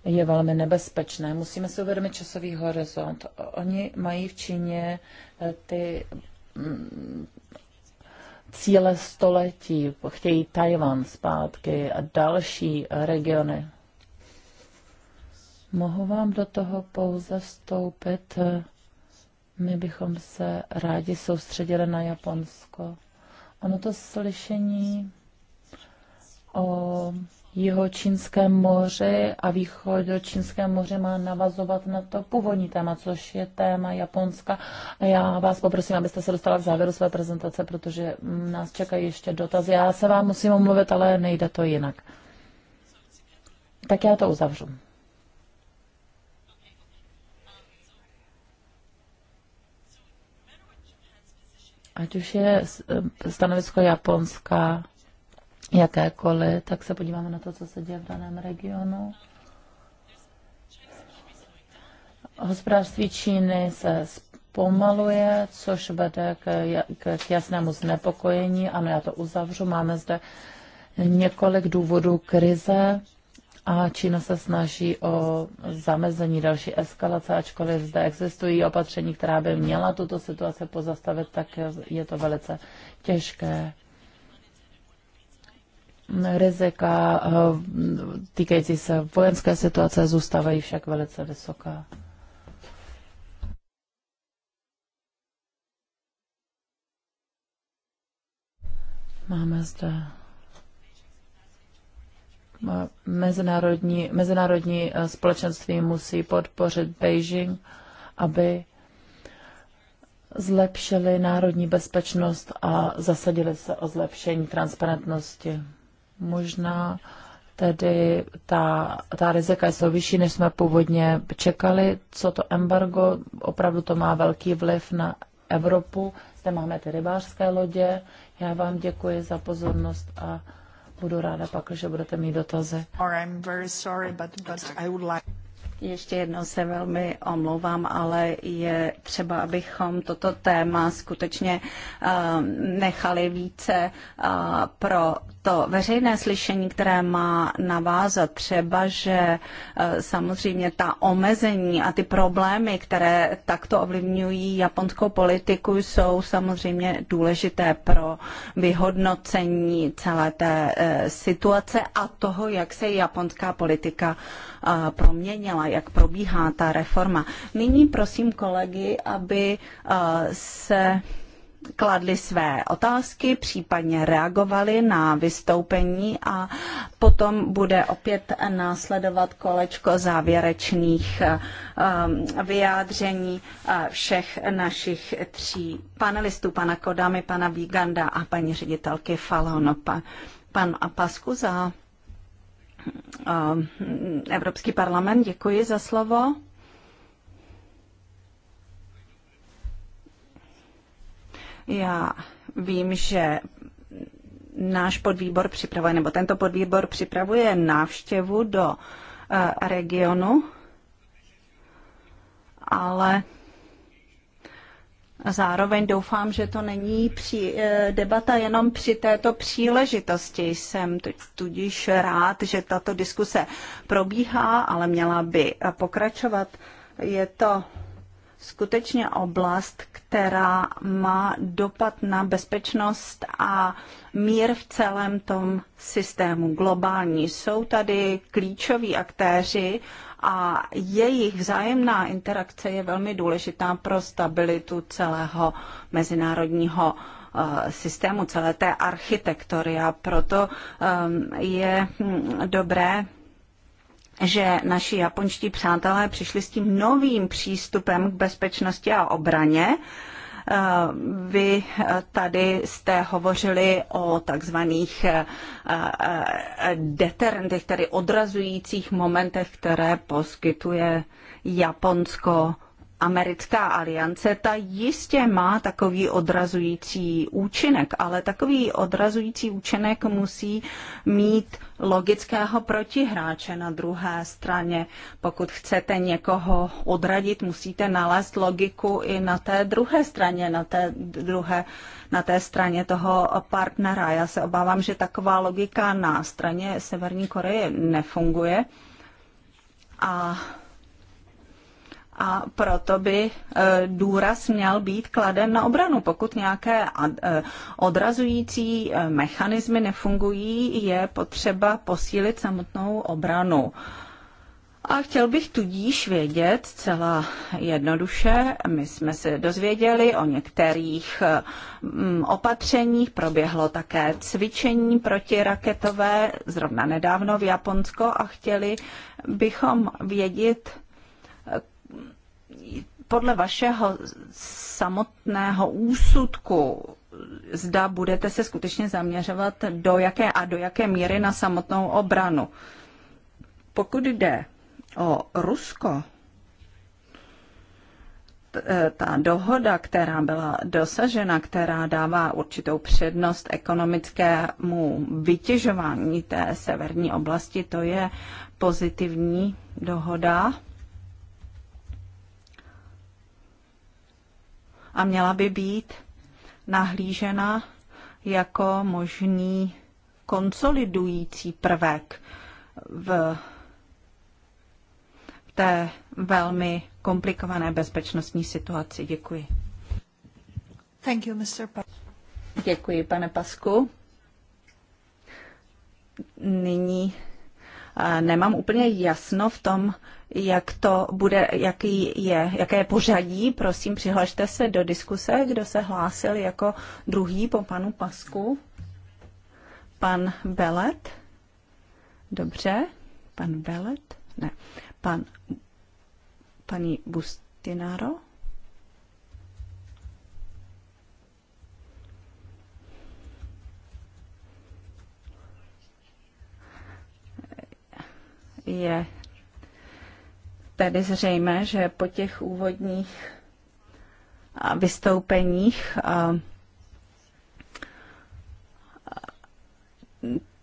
je velmi nebezpečné. Musíme si uvědomit časový horizont. Oni mají v Číně eh, ty mm, cíle století, chtějí Tajvan zpátky a další regiony. Mohu vám do toho pouze vstoupit. My bychom se rádi soustředili na Japonsko. Ono to slyšení o čínské moře a východ do čínské moře má navazovat na to původní téma, což je téma Japonska. A já vás poprosím, abyste se dostala k závěru své prezentace, protože nás čekají ještě dotazy. Já se vám musím omluvit, ale nejde to jinak. Tak já to uzavřu. Ať už je stanovisko Japonska jakékoliv, tak se podíváme na to, co se děje v daném regionu. Hospodářství Číny se zpomaluje, což vede k, k jasnému znepokojení. Ano, já to uzavřu. Máme zde několik důvodů krize a Čína se snaží o zamezení další eskalace, ačkoliv zde existují opatření, která by měla tuto situaci pozastavit, tak je to velice těžké. Rizika eh, týkající se vojenské situace zůstávají však velice vysoká. Máme zde eh, mezinárodní, mezinárodní eh, společenství musí podpořit Beijing, aby zlepšili národní bezpečnost a zasadili se o zlepšení transparentnosti. Možná tedy ta, ta rizika jsou vyšší, než jsme původně čekali. Co to embargo, opravdu to má velký vliv na Evropu. Zde máme ty rybářské lodě. Já vám děkuji za pozornost a budu ráda pak, že budete mít dotazy. Ještě jednou se velmi omlouvám, ale je třeba, abychom toto téma skutečně eh, nechali více eh, pro to veřejné slyšení, které má navázat třeba, že e, samozřejmě ta omezení a ty problémy, které takto ovlivňují japonskou politiku, jsou samozřejmě důležité pro vyhodnocení celé té e, situace a toho, jak se japonská politika e, proměnila, jak probíhá ta reforma. Nyní prosím kolegy, aby se kladli své otázky, případně reagovali na vystoupení a potom bude opět následovat kolečko závěrečných eh, ehm, vyjádření eh, všech našich tří panelistů, pana Kodamy, pana Víganda a paní ředitelky Falon, pan Apasku za ehm, Evropský parlament. Děkuji za slovo. Já vím, že náš podvýbor připravuje, nebo tento podvýbor připravuje návštěvu do eh, regionu, ale Zároveň doufám, že to není při, eh, debata jenom při této příležitosti. Jsem tudíž rád, že tato diskuse probíhá, ale měla by pokračovat. Je to skutečně oblast, která má dopad na bezpečnost a mír v celém tom systému globální. Jsou tady klíčoví aktéři a jejich vzájemná interakce je velmi důležitá pro stabilitu celého mezinárodního eh, systému, celé té architektury a proto ehm, je hm, dobré že naši japonští přátelé přišli s tím novým přístupem k bezpečnosti a obraně. Eh, vy eh, tady jste hovořili o takzvaných eh, deterentech, tedy odrazujících momentech, které poskytuje Japonsko americká aliance, ta jistě má takový odrazující účinek, ale takový odrazující účinek musí mít logického protihráče na druhé straně. Pokud chcete někoho odradit, musíte nalézt logiku i na té druhé straně, na té, druhé, na té straně toho partnera. Já se obávám, že taková logika na straně Severní Koreje nefunguje. A a proto by e, důraz měl být kladen na obranu. Pokud nějaké e, odrazující e, mechanismy nefungují, je potřeba posílit samotnou obranu. A chtěl bych tudíž vědět celá jednoduše, my jsme se dozvěděli o některých opatřeních, proběhlo také cvičení protiraketové, zrovna nedávno v Japonsko a chtěli bychom vědět, podle vašeho samotného úsudku, zda budete se skutečně zaměřovat do jaké a do jaké míry na samotnou obranu. Pokud jde o Rusko, e, ta dohoda, která byla dosažena, která dává určitou přednost ekonomickému vytěžování té severní oblasti, to je pozitivní dohoda. a měla by být nahlížena jako možný konsolidující prvek v té velmi komplikované bezpečnostní situaci. Děkuji. Thank you, Mr. Pa- Děkuji, pane Pasku. Nyní nemám úplně jasno v tom, jak to bude, jaký je, jaké je pořadí. Prosím, přihlašte se do diskuse, kdo se hlásil jako druhý po panu Pasku. Pan Belet. Dobře. Pan Belet? Ne. Pan, paní Bustináro? je tedy zřejmé, že po těch úvodních vystoupeních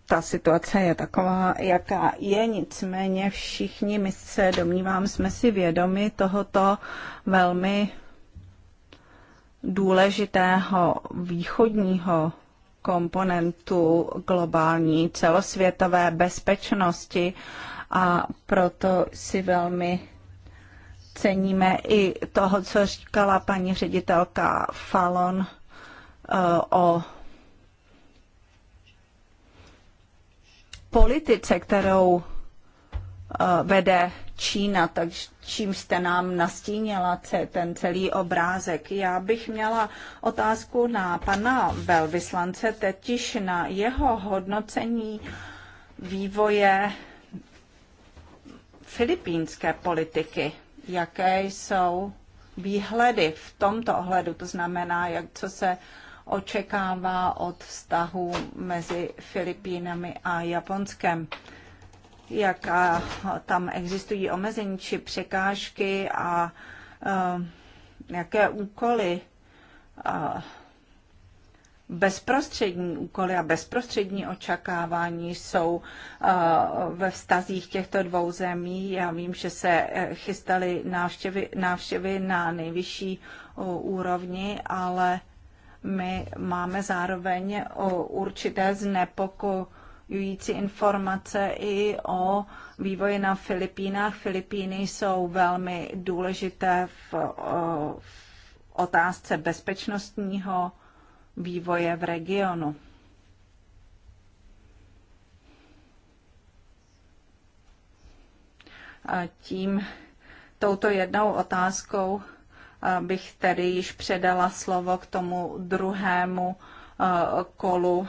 ta situace je taková, jaká je, nicméně všichni, my se domnívám, jsme si vědomi tohoto velmi důležitého východního komponentu globální celosvětové bezpečnosti a proto si velmi ceníme i toho, co říkala paní ředitelka Fallon eh, o politice, kterou eh, vede Čína, tak čím jste nám nastínila ten celý obrázek. Já bych měla otázku na pana velvyslance, tetiž na jeho hodnocení vývoje filipínské politiky. Jaké jsou výhledy v tomto ohledu, to znamená, jak, co se očekává od vztahu mezi Filipínami a Japonskem. Jaká tam existují omezení či překážky a uh, jaké úkoly uh, bezprostřední úkoly a bezprostřední očekávání jsou uh, ve vztazích těchto dvou zemí. Já vím, že se eh, chystaly návštěvy, návštěvy na nejvyšší uh, úrovni, ale my máme zároveň uh, určité znepokojující informace i o vývoji na Filipínách. Filipíny jsou velmi důležité v, v otázce bezpečnostního vývoje v regionu. A tím touto jednou otázkou bych tedy již předala slovo k tomu druhému kolu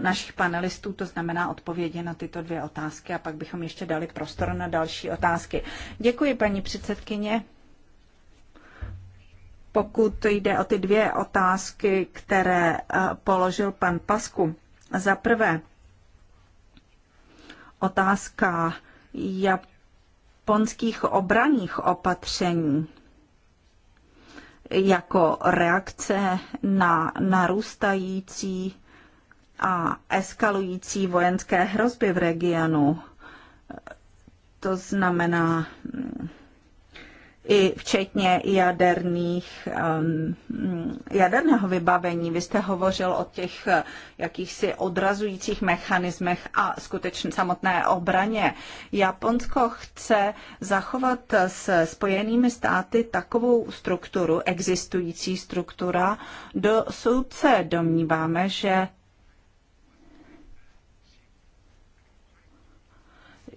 našich panelistů, to znamená odpovědi na tyto dvě otázky a pak bychom ještě dali prostor na další otázky. Děkuji, paní předsedkyně pokud jde o ty dvě otázky, které eh, položil pan Pasku. Za prvé, otázka japonských obraných opatření jako reakce na narůstající a eskalující vojenské hrozby v regionu. To znamená hm, i včetně jaderných, um, jaderného vybavení. Vy jste hovořil o těch eh, jakýchsi odrazujících mechanismech a skutečně samotné obraně. Japonsko chce zachovat s spojenými státy takovou strukturu, existující struktura. Do soudce domníváme, že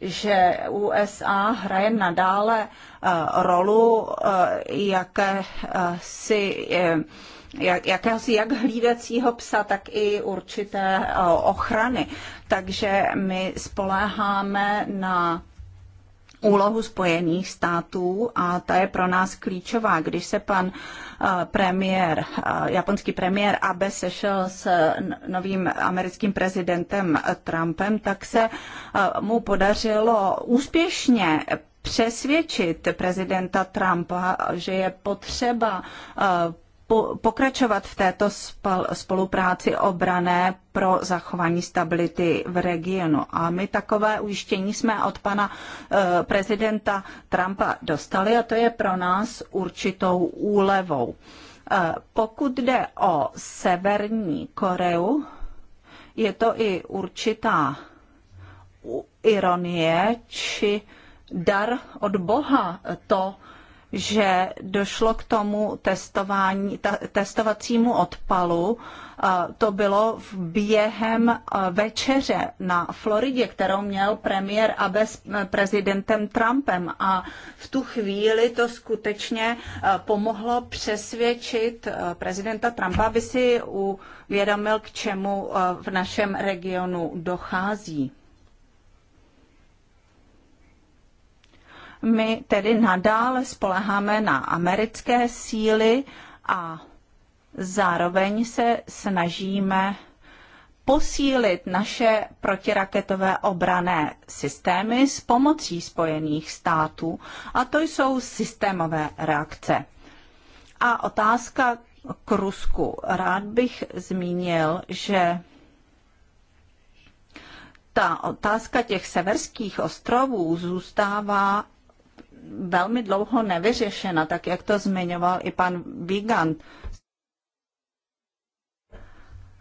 že USA hraje nadále eh, rolu eh, jaké eh, si jak, jakého si jak hlídacího psa, tak i určité ochrany. Takže my spoléháme na úlohu Spojených států a ta je pro nás klíčová. Když se pan eh, premiér, eh, japonský premiér Abe sešel s novým americkým prezidentem eh, Trumpem, tak se mu podařilo úspěšně přesvědčit prezidenta Trumpa, že je potřeba pokračovat v této spolupráci obrané pro zachování stability v regionu. A my takové ujištění jsme od pana eh, prezidenta Trumpa dostali a to je pro nás určitou úlevou. Eh, pokud jde o Severní Koreu, je to i určitá ironie či dar od Boha to, že došlo k tomu testování, ta, testovacímu odpalu. To bylo v během večeře na Floridě, kterou měl premiér Abe s e, prezidentem Trumpem. A v tu chvíli to skutečně pomohlo přesvědčit prezidenta Trumpa, aby si uvědomil, k čemu v našem regionu dochází. My tedy nadále spoleháme na americké síly a zároveň se snažíme posílit naše protiraketové obrané systémy s pomocí Spojených států, a to jsou systémové reakce. A otázka k Rusku. Rád bych zmínil, že ta otázka těch severských ostrovů zůstává velmi dlouho nevyřešena, tak jak to zmiňoval i pan Vigand.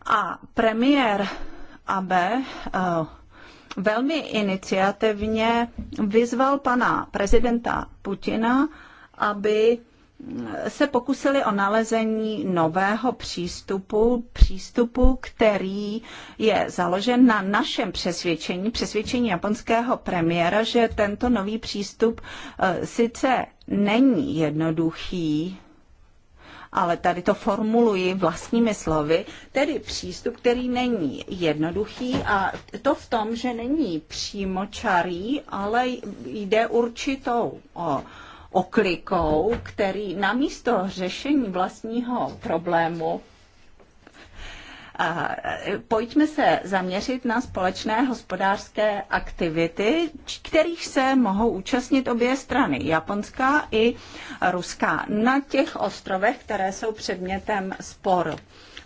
A premiér AB eh, velmi iniciativně vyzval pana prezidenta Putina, aby se pokusili o nalezení nového přístupu, přístupu, který je založen na našem přesvědčení, přesvědčení japonského premiéra, že tento nový přístup e, sice není jednoduchý, ale tady to formuluji vlastními slovy, tedy přístup, který není jednoduchý a to v tom, že není přímočarý, ale jde určitou o oklikou, který namísto řešení vlastního problému a pojďme se zaměřit na společné hospodářské aktivity, kterých se mohou účastnit obě strany, japonská i ruská, na těch ostrovech, které jsou předmětem sporu.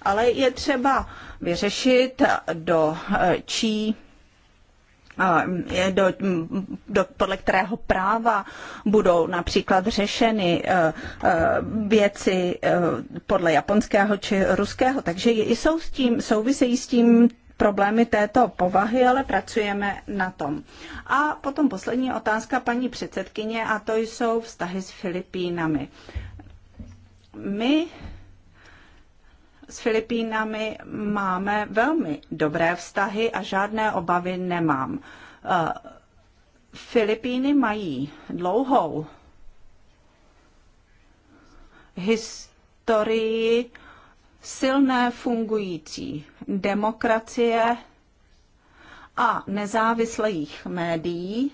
Ale je třeba vyřešit, do e, čí do, do, podle kterého práva budou například řešeny eh, eh, věci eh, podle japonského či ruského. Takže jsou s tím, souvisejí s tím problémy této povahy, ale pracujeme na tom. A potom poslední otázka paní předsedkyně, a to jsou vztahy s Filipínami. My s Filipínami máme velmi dobré vztahy a žádné obavy nemám. Eh, Filipíny mají dlouhou historii silné fungující demokracie a nezávislých médií.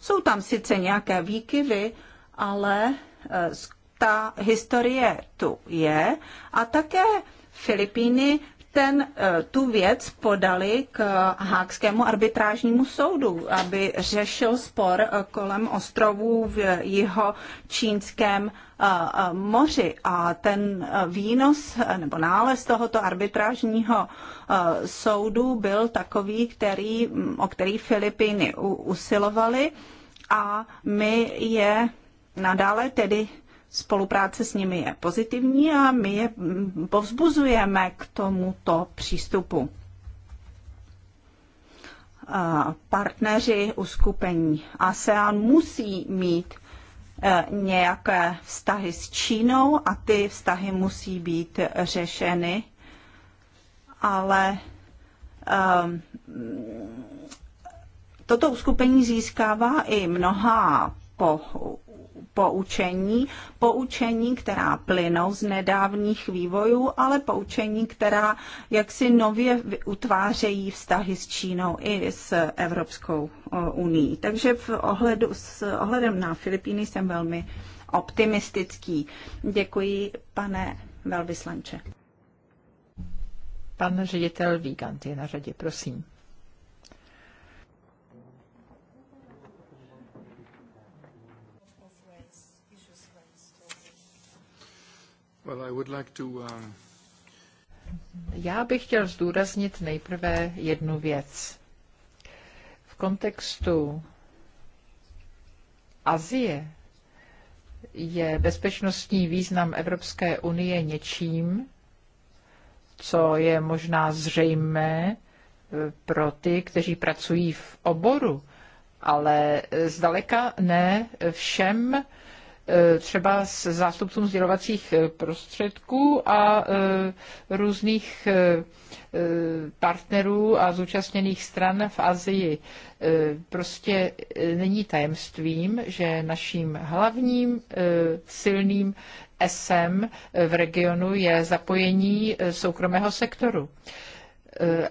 Jsou tam sice nějaké výkyvy, ale eh, ta historie tu je a také Filipíny ten, eh, tu věc podali k Hákskému arbitrážnímu soudu, aby řešil spor eh, kolem ostrovů v jeho čínském eh, moři. A ten výnos nebo nález tohoto arbitrážního soudu byl takový, který, mm, o který Filipíny usilovali a my je nadále tedy Spolupráce s nimi je pozitivní a my je povzbuzujeme k tomuto přístupu. Partneři uskupení ASEAN musí mít e, nějaké vztahy s Čínou a ty vztahy musí být řešeny, ale toto uskupení získává i mnoha po poučení, poučení, která plynou z nedávných vývojů, ale poučení, která jaksi nově utvářejí vztahy s Čínou i s Evropskou unii. Takže v ohledu, s ohledem na Filipíny jsem velmi optimistický. Děkuji, pane velvyslanče. Pan ředitel Vígant je na řadě, prosím. Um, Já bych chtěl zdůraznit nejprve jednu věc. V kontextu Azie je bezpečnostní význam Evropské unie něčím, co je možná zřejmé eh, pro ty, kteří pracují v oboru, ale zdaleka ne všem E, třeba s zástupcům sdělovacích e, prostředků a e, různých partnerů a zúčastněných stran v Azii. Prostě není tajemstvím, že naším hlavním silným SM v regionu je zapojení soukromého sektoru.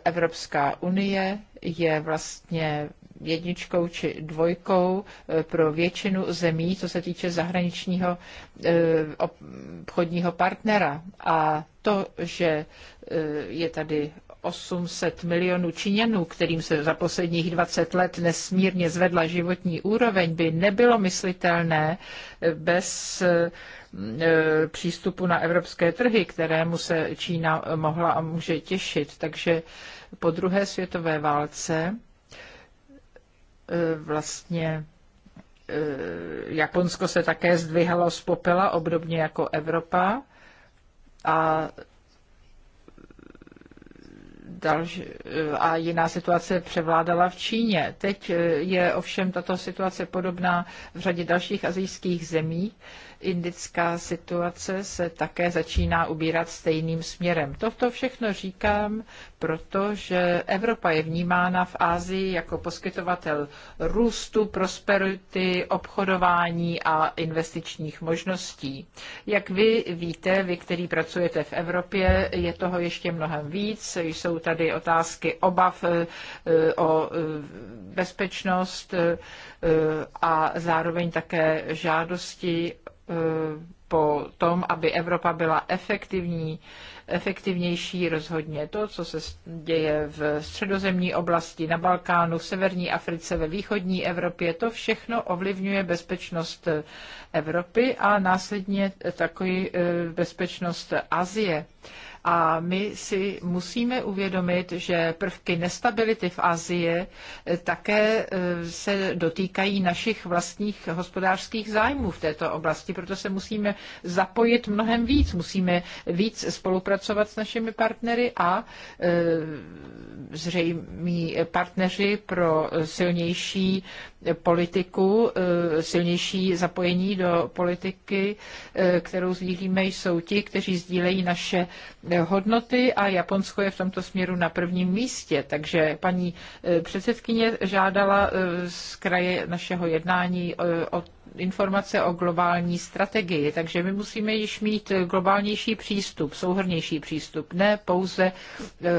Evropská unie je vlastně jedničkou či dvojkou eh, pro většinu zemí, co se týče zahraničního eh, obchodního partnera. A to, že eh, je tady 800 milionů Číňanů, kterým se za posledních 20 let nesmírně zvedla životní úroveň, by nebylo myslitelné bez přístupu na evropské trhy, kterému se Čína mohla a může těšit. Takže po druhé světové válce E, vlastně e, Japonsko se také zdvihalo z popela, obdobně jako Evropa. A další, e, a jiná situace převládala v Číně. Teď je ovšem tato situace podobná v řadě dalších azijských zemí indická situace se také začíná ubírat stejným směrem. Toto všechno říkám, protože Evropa je vnímána v Ázii jako poskytovatel růstu, prosperity, obchodování a investičních možností. Jak vy víte, vy, který pracujete v Evropě, je toho ještě mnohem víc. Jsou tady otázky obav eh, o eh, bezpečnost eh, a zároveň také žádosti po tom, aby Evropa byla efektivní, efektivnější rozhodně. To, co se děje v středozemní oblasti, na Balkánu, v severní Africe, ve východní Evropě, to všechno ovlivňuje bezpečnost Evropy a následně takový eh, bezpečnost Asie. A my si musíme uvědomit, že prvky nestability v Asii eh, také eh, se dotýkají našich vlastních hospodářských zájmů v této oblasti, proto se musíme zapojit mnohem víc, musíme víc spolupracovat s našimi partnery a eh, zřejmí partneři pro silnější politiku, silnější zapojení do politiky, kterou sdílíme, jsou ti, kteří sdílejí naše hodnoty a Japonsko je v tomto směru na prvním místě. Takže paní eh, předsedkyně žádala eh, z kraje našeho jednání eh, o informace o globální strategii, takže my musíme již mít globálnější přístup, souhrnější přístup, ne pouze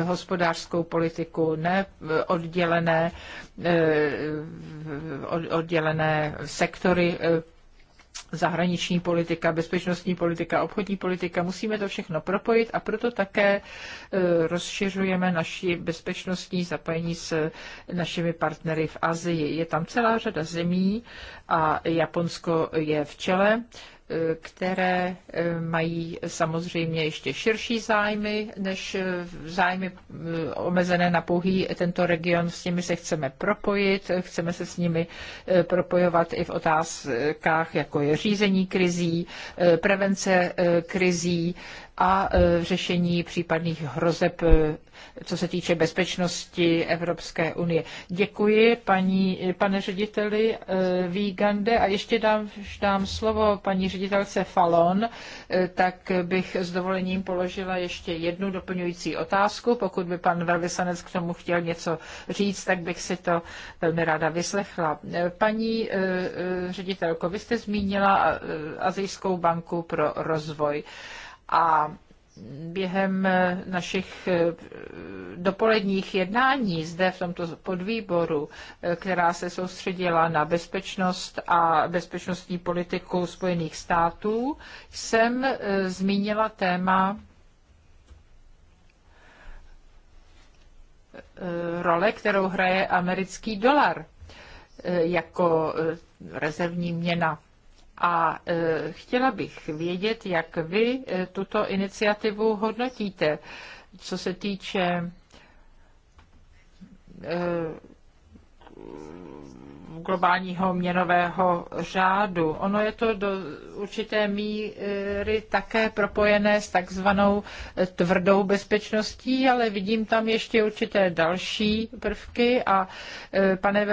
hospodářskou politiku, ne oddělené, oddělené sektory zahraniční politika, bezpečnostní politika, obchodní politika. Musíme to všechno propojit a proto také e, rozšiřujeme naši bezpečnostní zapojení s našimi partnery v Azii. Je tam celá řada zemí a Japonsko je v čele které eh, mají samozřejmě ještě širší zájmy než eh, zájmy eh, omezené na pouhý tento region. S nimi se chceme propojit, chceme se s nimi propojovat i v otázkách, jako je řízení krizí, prevence krizí, a e, řešení případných hrozeb, e, co se týče bezpečnosti Evropské unie. Děkuji, paní, pane řediteli e, Vígande, a ještě dám, dám slovo paní ředitelce Falon, tak bych s dovolením položila ještě jednu doplňující otázku. Pokud by pan velvyslanec k tomu chtěl něco říct, tak bych si to velmi ráda vyslechla. Paní ředitelko, vy jste zmínila Azijskou banku pro rozvoj. A během eh, našich eh, dopoledních jednání zde v tomto podvýboru, eh, která se soustředila na bezpečnost a bezpečnostní politiku Spojených států, jsem zmínila téma role, kterou hraje americký dolar jako rezervní měna a e, chtěla bych vědět, jak vy e, tuto iniciativu hodnotíte, co se týče e, globálního měnového řádu. Ono je to do určité míry také propojené s takzvanou tvrdou bezpečností, ale vidím tam ještě určité další prvky a e, pane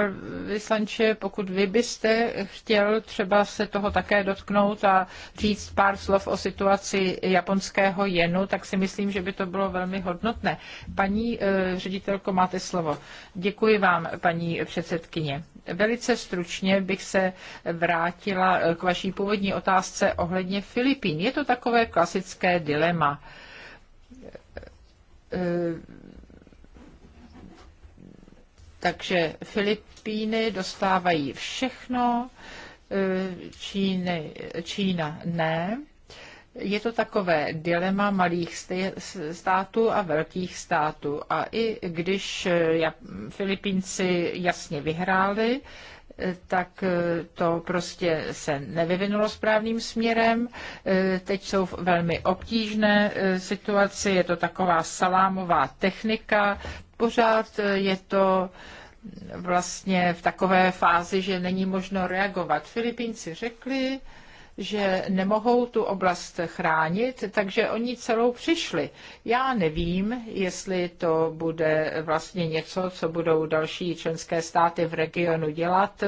vyslanče, pokud vy byste chtěl třeba se toho také dotknout a říct pár slov o situaci japonského jenu, tak si myslím, že by to bylo velmi hodnotné. Paní e, ředitelko, máte slovo. Děkuji vám, paní předsedkyně. Velice stručně bych se vrátila k vaší původní otázce ohledně Filipín. Je to takové klasické dilema takže Filipíny dostávají všechno, Číny, Čína ne. Je to takové dilema malých států a velkých států. A i když eh, Filipínci jasně vyhráli, eh, tak eh, to prostě se nevyvinulo správným směrem. Teď jsou v velmi obtížné situaci, je to taková salámová technika, pořád je to vlastně v takové fázi, že není možno reagovat. Filipínci řekli, že nemohou tu oblast chránit, takže oni celou přišli. Já nevím, jestli to bude vlastně něco, co budou další členské státy v regionu dělat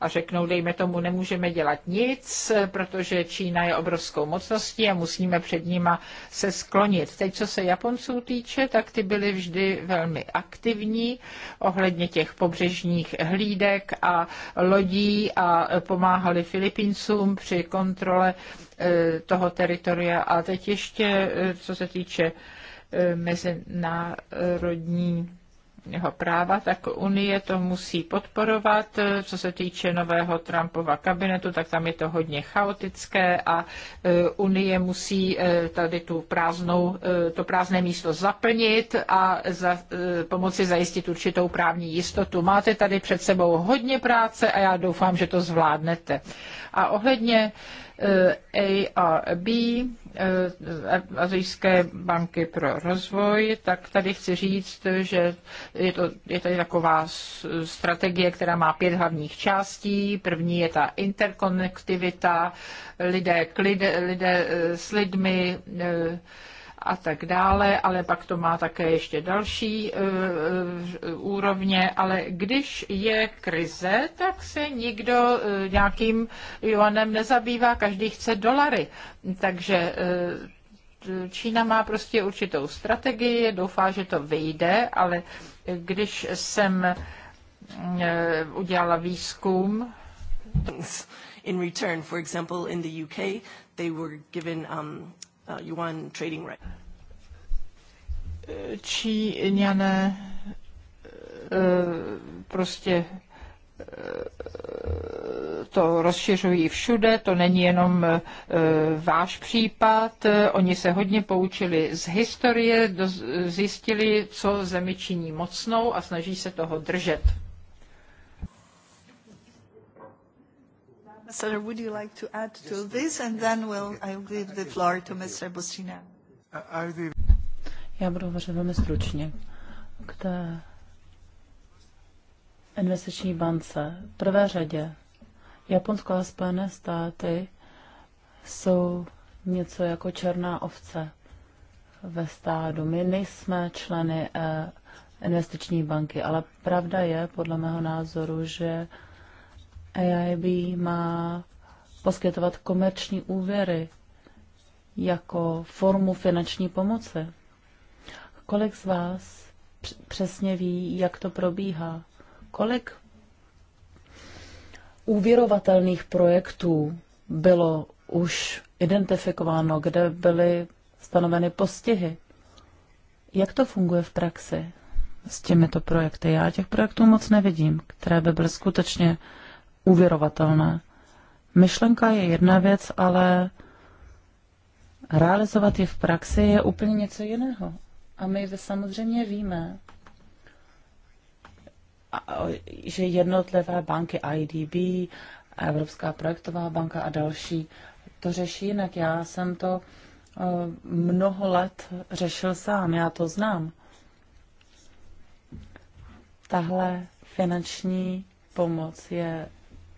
a řeknou, dejme tomu, nemůžeme dělat nic, protože Čína je obrovskou mocností a musíme před nima se sklonit. Teď, co se Japonců týče, tak ty byly vždy velmi aktivní ohledně těch pobřežních hlídek a lodí a pomáhali Filipíncům při kontrole kontrole eh, toho teritoria. A teď ještě, eh, co se týče eh, mezinárodní mezinárodního práva, tak Unie to musí podporovat. Co se týče nového Trumpova kabinetu, tak tam je to hodně chaotické a e, Unie musí e, tady tu prázdnou, e, to prázdné místo zaplnit a za, pomoci zajistit určitou právní jistotu. Máte tady před sebou hodně práce a já doufám, že to zvládnete. A ohledně ARB, Eh, Azijské banky pro rozvoj, tak tady chci říct, že je, to, je tady taková strategie, která má pět hlavních částí. První je ta interkonektivita, lidé, lidé eh, s lidmi, eh, a tak dále, ale pak to má také ještě další eh, eh, úrovně, ale když je krize, tak se nikdo eh, nějakým juanem nezabývá, každý chce dolary. Takže Čína má prostě určitou strategii, doufá, že to vyjde, ale když jsem udělala výzkum, In return, for example, in the UK, they were given um, Uh, yuan trading rate. Číňané uh, prostě uh, to rozšiřují všude, to není jenom váš případ. Oni se hodně poučili z historie, zjistili, co zemi činí mocnou a snaží se toho držet. Ambassador, would you like to add to this? And then we'll, I'll give the floor to Mr. Bustina. Uh, Já budu hovořit velmi stručně. K té investiční bance. V prvé řadě Japonsko a Spojené státy jsou něco jako černá ovce ve stádu. My nejsme členy eh, investiční banky, ale pravda je, podle mého názoru, že AIB má poskytovat komerční úvěry jako formu finanční pomoci. Kolik z vás přesně ví, jak to probíhá? Kolik úvěrovatelných projektů bylo už identifikováno, kde byly stanoveny postihy? Jak to funguje v praxi s těmito projekty? Já těch projektů moc nevidím, které by byly skutečně uh, uvěrovatelné. Myšlenka je jedna věc, ale realizovat je v praxi je úplně něco jiného. A my samozřejmě víme, že jednotlivé banky IDB, Evropská projektová banka a další to řeší jinak. Já jsem to eh, mnoho let řešil sám, já to znám. Tahle finanční pomoc je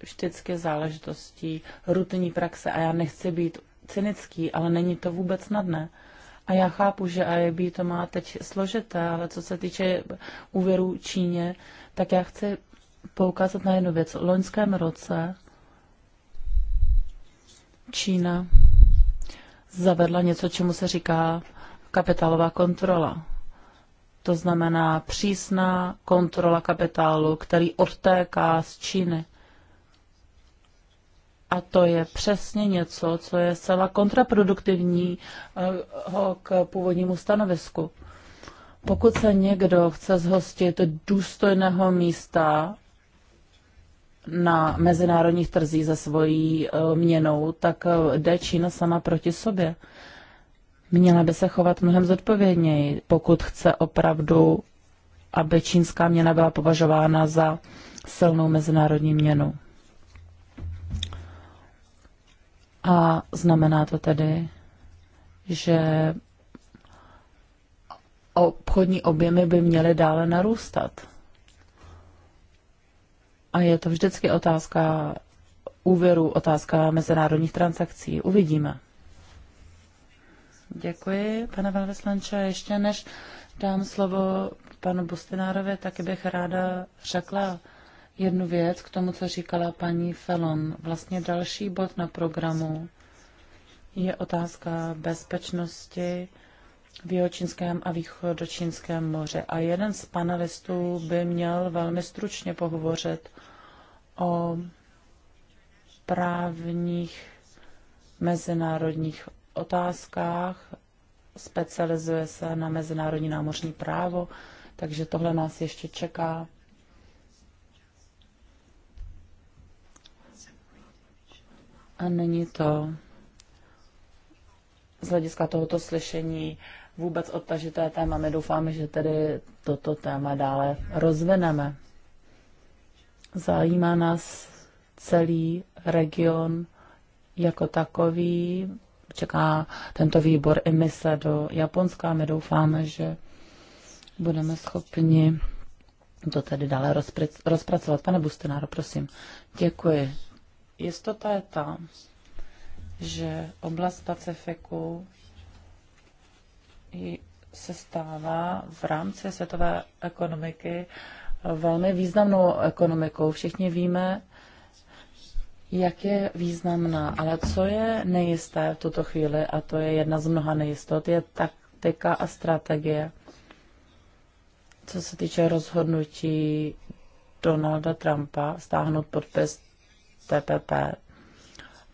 vždycky záležitostí rutinní praxe a já nechci být cynický, ale není to vůbec snadné. A já chápu, že IB to má teď složité, ale co se týče úvěru Číně, tak já chci poukázat na jednu věc. V loňském roce Čína zavedla něco, čemu se říká kapitálová kontrola. To znamená přísná kontrola kapitálu, který odtéká z Číny. A to je přesně něco, co je zcela kontraproduktivní eh, k původnímu stanovisku. Pokud se někdo chce zhostit důstojného místa na mezinárodních trzích za svojí eh, měnou, tak eh, jde Čína sama proti sobě. Měla by se chovat mnohem zodpovědněji, pokud chce opravdu, aby čínská měna byla považována za silnou mezinárodní měnu. A znamená to tedy, že obchodní objemy by měly dále narůstat. A je to vždycky otázka úvěru, otázka mezinárodních transakcí. Uvidíme. Děkuji, pane velvyslanče. Ještě než dám slovo panu Bustinárovi, taky bych ráda řekla, jednu věc k tomu, co říkala paní Felon. Vlastně další bod na programu je otázka bezpečnosti v Jihočínském a Východočínském moře. A jeden z panelistů by měl velmi stručně pohovořit o právních mezinárodních otázkách, specializuje se na mezinárodní námořní právo, takže tohle nás ještě čeká. A není to z hlediska tohoto slyšení vůbec odtažité téma. My doufáme, že tedy toto téma dále rozvineme. Zajímá nás celý region jako takový. Čeká tento výbor emise do Japonska. My doufáme, že budeme schopni to tedy dále rozpracovat. Pane Bustenáro, prosím. Děkuji. Jistota je ta, že oblast Pacifiku se stává v rámci světové ekonomiky velmi významnou ekonomikou. Všichni víme, jak je významná, ale co je nejisté v tuto chvíli, a to je jedna z mnoha nejistot, je taktika a strategie. Co se týče rozhodnutí Donalda Trumpa stáhnout podpis TPP,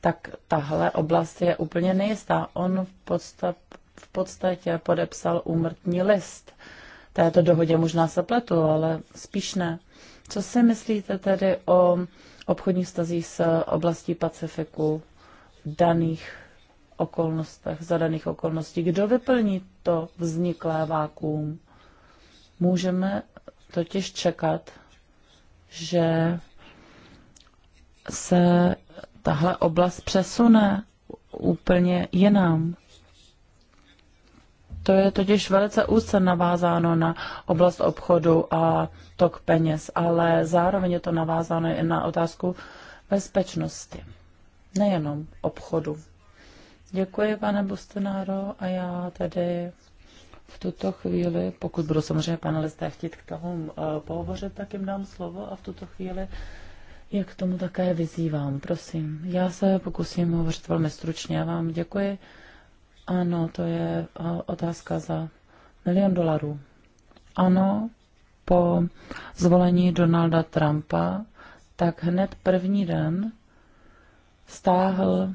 tak tahle oblast je úplně nejistá. On v, podsta- v podstatě podepsal úmrtní list této dohodě. Možná se pletu, ale spíš ne. Co si myslíte tedy o obchodních stazích s oblastí Pacifiku v daných okolnostech, za daných okolností? Kdo vyplní to vzniklé vákuum? Můžeme totiž čekat, že se tahle oblast přesune úplně jinam. To je totiž velice úzce navázáno na oblast obchodu a tok peněz, ale zároveň je to navázáno i na otázku bezpečnosti, nejenom obchodu. Děkuji, pane Bustenáro, a já tedy v tuto chvíli, pokud budu samozřejmě panelisté chtít k tomu eh, pohovořit, tak jim dám slovo a v tuto chvíli jak k tomu také vyzývám. Prosím, já se pokusím hovořit velmi stručně. Já vám děkuji. Ano, to je otázka za milion dolarů. Ano, po zvolení Donalda Trumpa, tak hned první den stáhl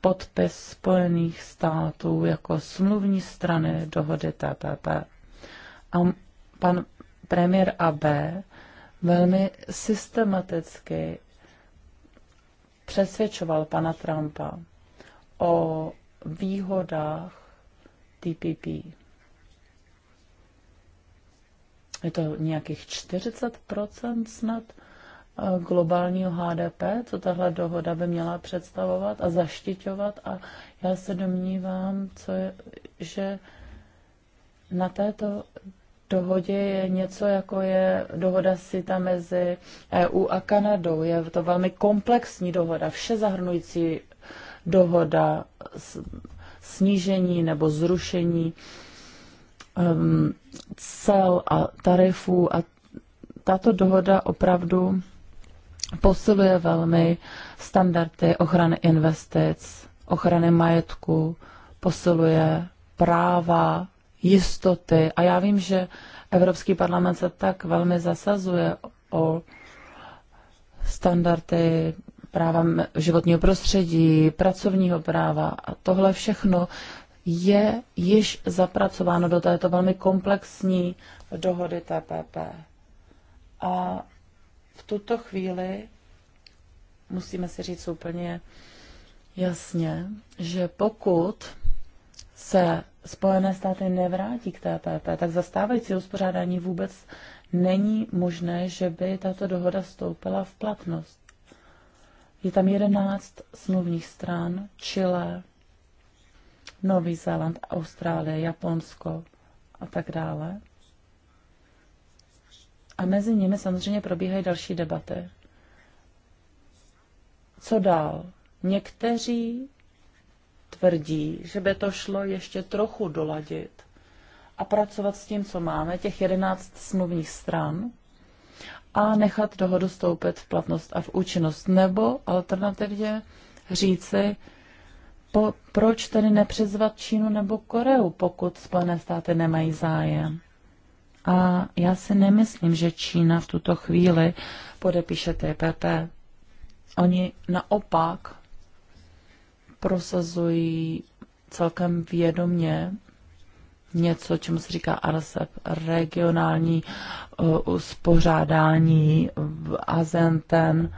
podpis Spojených států jako smluvní strany dohody TPP. A pan premiér AB velmi systematicky přesvědčoval pana Trumpa o výhodách TPP. Je to nějakých 40% snad eh, globálního HDP, co tahle dohoda by měla představovat a zaštiťovat. A já se domnívám, co je, že na této dohodě je něco, jako je dohoda SITA mezi EU a Kanadou. Je to velmi komplexní dohoda, vše zahrnující dohoda snížení nebo zrušení um, cel a tarifů a tato dohoda opravdu posiluje velmi standardy ochrany investic, ochrany majetku, posiluje práva jistoty. A já vím, že Evropský parlament se tak velmi zasazuje o standardy práva životního prostředí, pracovního práva a tohle všechno je již zapracováno do této velmi komplexní dohody TPP. A v tuto chvíli musíme si říct úplně jasně, že pokud se Spojené státy nevrátí k TPP, tak za stávající uspořádání vůbec není možné, že by tato dohoda stoupila v platnost. Je tam 11 smluvních stran, Chile, Nový Zéland, Austrálie, Japonsko a tak dále. A mezi nimi samozřejmě probíhají další debaty. Co dál? Někteří tvrdí, že by to šlo ještě trochu doladit a pracovat s tím, co máme, těch 11 smluvních stran, a nechat dohodu stoupit v platnost a v účinnost. Nebo alternativně říci, po, proč tedy nepřizvat Čínu nebo Koreu, pokud Spojené státy nemají zájem. A já si nemyslím, že Čína v tuto chvíli podepíše TPP. Oni naopak prosazují celkem vědomě něco, čemu se říká RSEP, regionální uh, uspořádání v Azenten,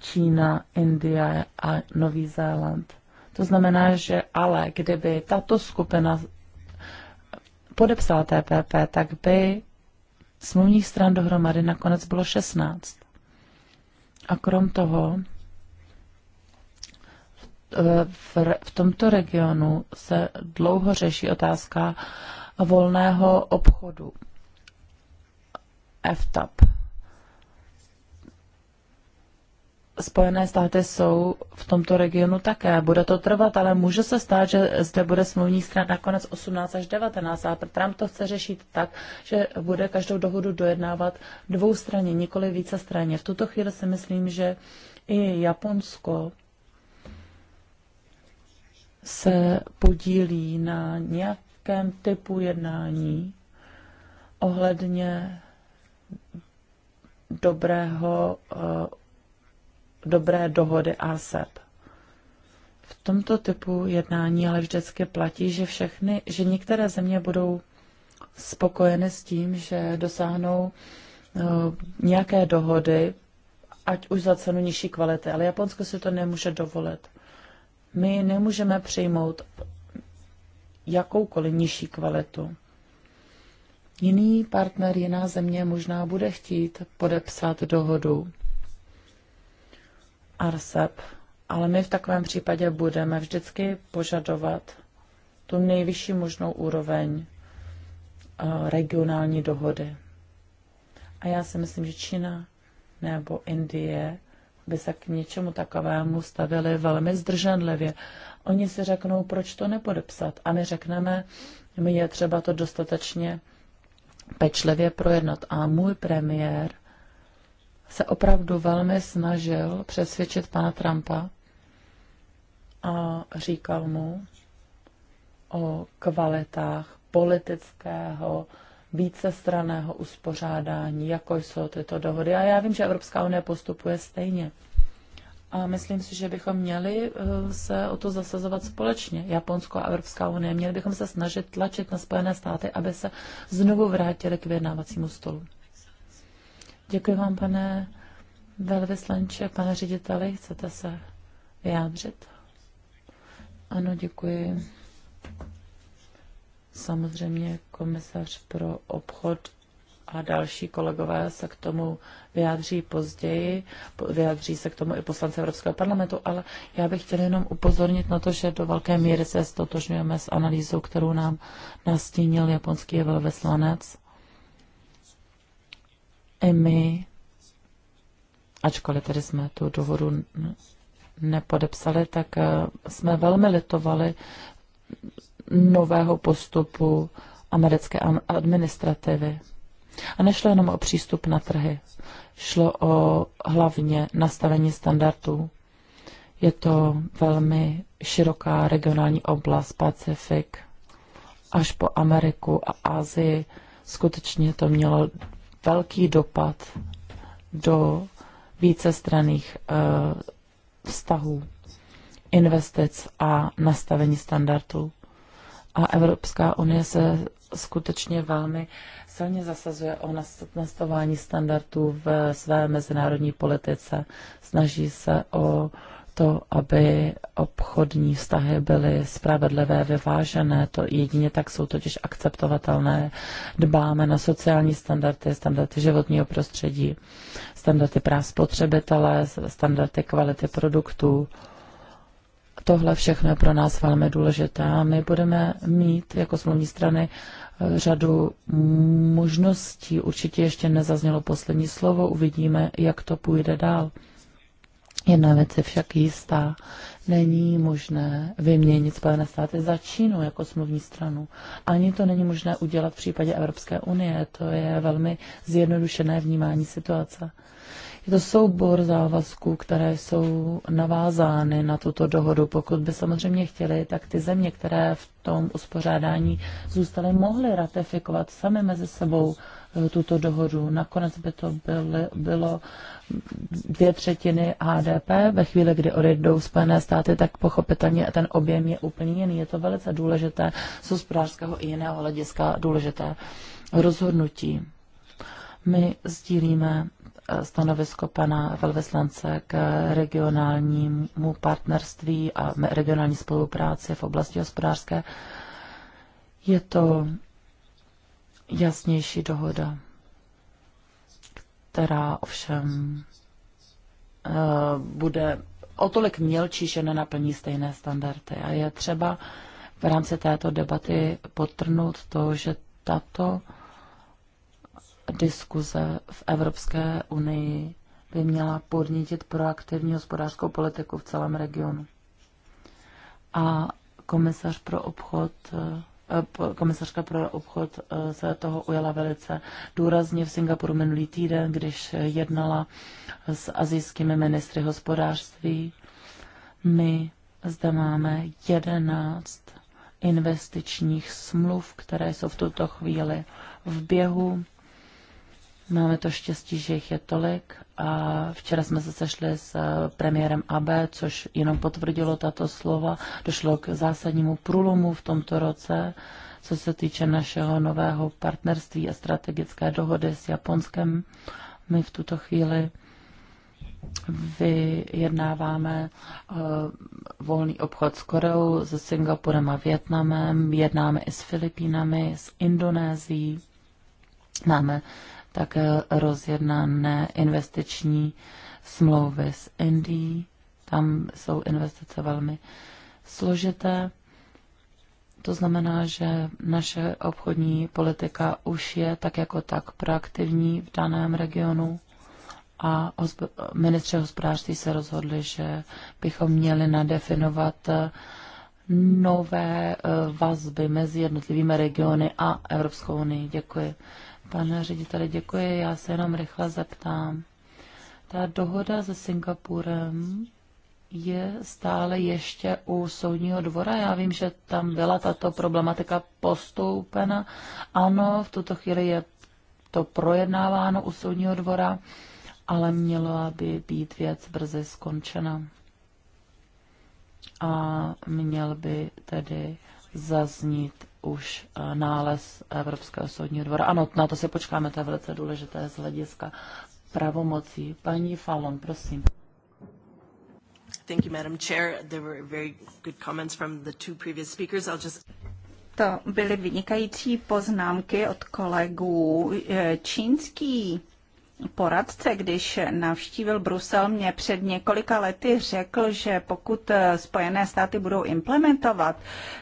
Čína, Indie a Nový Zéland. To znamená, že ale kdyby tato skupina podepsala TPP, tak by smluvních stran dohromady nakonec bylo 16. A krom toho v, v tomto regionu se dlouho řeší otázka volného obchodu. FTAP. Spojené státy jsou v tomto regionu také. Bude to trvat, ale může se stát, že zde bude smluvní strana nakonec 18 až 19. A Trump to chce řešit tak, že bude každou dohodu dojednávat dvou straně, nikoli více straně. V tuto chvíli si myslím, že i Japonsko se podílí na nějakém typu jednání ohledně dobrého, eh, dobré dohody ASEP. V tomto typu jednání ale vždycky platí, že všechny, že některé země budou spokojeny s tím, že dosáhnou eh, nějaké dohody, ať už za cenu nižší kvality, ale Japonsko si to nemůže dovolit. My nemůžeme přijmout jakoukoliv nižší kvalitu. Jiný partner, jiná země možná bude chtít podepsat dohodu ARSEP, ale my v takovém případě budeme vždycky požadovat tu nejvyšší možnou úroveň eh, regionální dohody. A já si myslím, že Čína nebo Indie by se k něčemu takovému stavili velmi zdrženlivě. Oni si řeknou, proč to nepodepsat. A my řekneme, my je třeba to dostatečně pečlivě projednat. A můj premiér se opravdu velmi snažil přesvědčit pana Trumpa a říkal mu o kvalitách politického vícestraného uspořádání, jako jsou tyto dohody. A já vím, že Evropská unie postupuje stejně. A myslím si, že bychom měli eh, se o to zasazovat společně, Japonsko a Evropská unie. Měli bychom se snažit tlačit na Spojené státy, aby se znovu vrátili k vyjednávacímu stolu. Děkuji vám, pane velvyslanče, pane řediteli. Chcete se vyjádřit? Ano, děkuji. Samozřejmě komisař pro obchod a další kolegové se k tomu vyjádří později, vyjádří se k tomu i poslanci Evropského parlamentu, ale já bych chtěl jenom upozornit na to, že do velké míry se stotožňujeme s analýzou, kterou nám nastínil japonský velvyslanec. I my, ačkoliv tedy jsme tu dohodu nepodepsali, tak eh, jsme velmi litovali nového postupu americké administrativy. A nešlo jenom o přístup na trhy, šlo o hlavně nastavení standardů. Je to velmi široká regionální oblast, Pacifik, až po Ameriku a Asii. Skutečně to mělo velký dopad do vícestranných uh, eh, vztahů, investic a nastavení standardů a Evropská unie se skutečně velmi silně zasazuje o nastavování standardů v své mezinárodní politice. Snaží se o to, aby obchodní vztahy byly spravedlivé, vyvážené. To jedině tak jsou totiž akceptovatelné. Dbáme na sociální standardy, standardy životního prostředí, standardy práv spotřebitele, standardy kvality produktů. Tohle všechno je pro nás velmi důležité a my budeme mít jako smluvní strany eh, řadu možností. Určitě ještě nezaznělo poslední slovo, uvidíme, jak to půjde dál. Jedna věc je však jistá. Není možné vyměnit Spojené státy za Čínu jako smluvní stranu. Ani to není možné udělat v případě Evropské unie. To je velmi zjednodušené vnímání situace. Je to soubor závazků, které jsou navázány na tuto dohodu. Pokud by samozřejmě chtěli, tak ty země, které v tom uspořádání zůstaly, mohly ratifikovat sami mezi sebou eh, tuto dohodu. Nakonec by to byly, bylo dvě třetiny HDP. Ve chvíli, kdy odejdou Spojené státy, tak pochopitelně ten objem je úplně jiný. Je to velice důležité z hospodářského i jiného hlediska důležité rozhodnutí. My sdílíme stanovisko pana velvyslance k regionálnímu partnerství a regionální spolupráci v oblasti hospodářské. Je to jasnější dohoda, která ovšem eh, bude o tolik mělčí, že nenaplní stejné standardy. A je třeba v rámci této debaty potrnout to, že tato diskuze v Evropské unii by měla podnítit proaktivní hospodářskou politiku v celém regionu. A komisař pro obchod, eh, eh, komisařka pro obchod eh, se toho ujala velice důrazně v Singapuru minulý týden, když jednala s azijskými ministry hospodářství. My zde máme 11 investičních smluv, které jsou v tuto chvíli v běhu Máme to štěstí, že jich je tolik a včera jsme se sešli s eh, premiérem AB, což jenom potvrdilo tato slova. Došlo k zásadnímu průlomu v tomto roce, co se týče našeho nového partnerství a strategické dohody s Japonskem. My v tuto chvíli vyjednáváme eh, volný obchod s Koreou, se Singapurem a Větnamem, jednáme i s Filipínami, s Indonésií. Máme také eh, rozjednané investiční smlouvy s Indií. Tam jsou investice velmi složité. To znamená, že naše obchodní politika už je tak jako tak proaktivní v daném regionu a hosp- ministři hospodářství se rozhodli, že bychom měli nadefinovat eh, nové eh, vazby mezi jednotlivými regiony a Evropskou unii. Děkuji. Pane řediteli, děkuji. Já se jenom rychle zeptám. Ta dohoda se Singapurem je stále ještě u soudního dvora. Já vím, že tam byla tato problematika postoupena. Ano, v tuto chvíli je to projednáváno u soudního dvora, ale mělo by být věc brzy skončena. A měl by tedy zaznít už eh, nález Evropského soudního dvora. Ano, na to se počkáme, to je velice důležité z hlediska pravomocí. Paní Fallon, prosím. Thank you, Madam Chair. There were very good comments from the two previous speakers. I'll just to byly vynikající poznámky od kolegů. Eh, čínský poradce, když navštívil Brusel, mě před několika lety řekl, že pokud eh, Spojené státy budou implementovat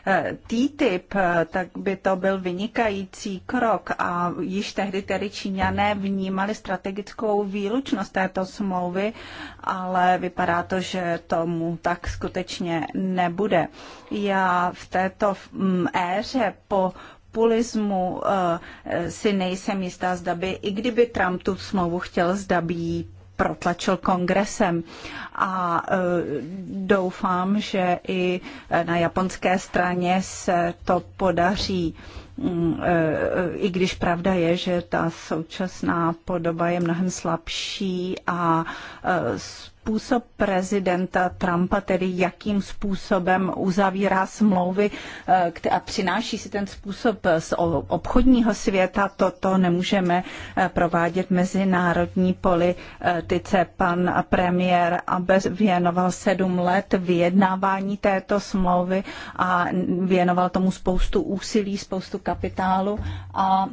eh, TTIP, eh, tak by to byl vynikající krok a již tehdy tedy Číňané vnímali strategickou výlučnost této smlouvy, ale vypadá to, že tomu tak skutečně nebude. Já v této mm, éře po populismu eh, si nejsem jistá, zda by, i kdyby Trump tu smlouvu chtěl, zda by ji protlačil kongresem. A eh, doufám, že i na japonské straně se to podaří mm, eh, i když pravda je, že ta současná podoba je mnohem slabší a způsob prezidenta Trumpa, tedy jakým způsobem uzavírá smlouvy eh, a přináší si ten způsob z obchodního světa, toto nemůžeme eh, provádět mezinárodní politice. Pan premiér aby věnoval sedm let vyjednávání této smlouvy a věnoval tomu spoustu úsilí, spoustu kapitálu a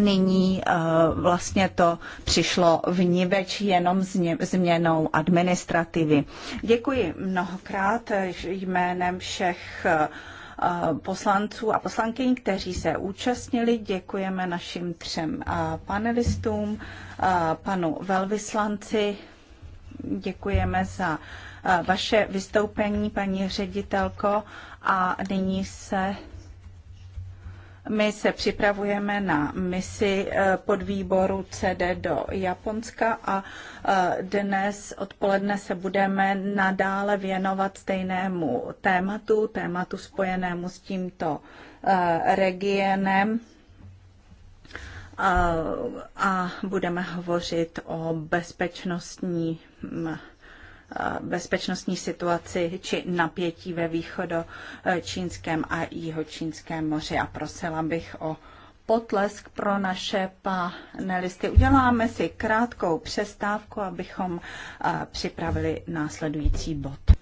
nyní eh, vlastně to přišlo v Niveč jenom změnou administrativy. Děkuji mnohokrát jménem všech eh, poslanců a poslankyň, kteří se účastnili. Děkujeme našim třem eh, panelistům, panu velvyslanci, děkujeme za vaše vystoupení, paní ředitelko, a nyní se my se připravujeme na misi eh, podvýboru CD do Japonska a eh, dnes odpoledne se budeme nadále věnovat stejnému tématu, tématu spojenému s tímto eh, regionem a budeme hovořit o bezpečnostní bezpečnostní situaci či napětí ve východočínském a jihočínském moři a prosila bych o potlesk pro naše panelisty. Uděláme si krátkou přestávku, abychom připravili následující bod.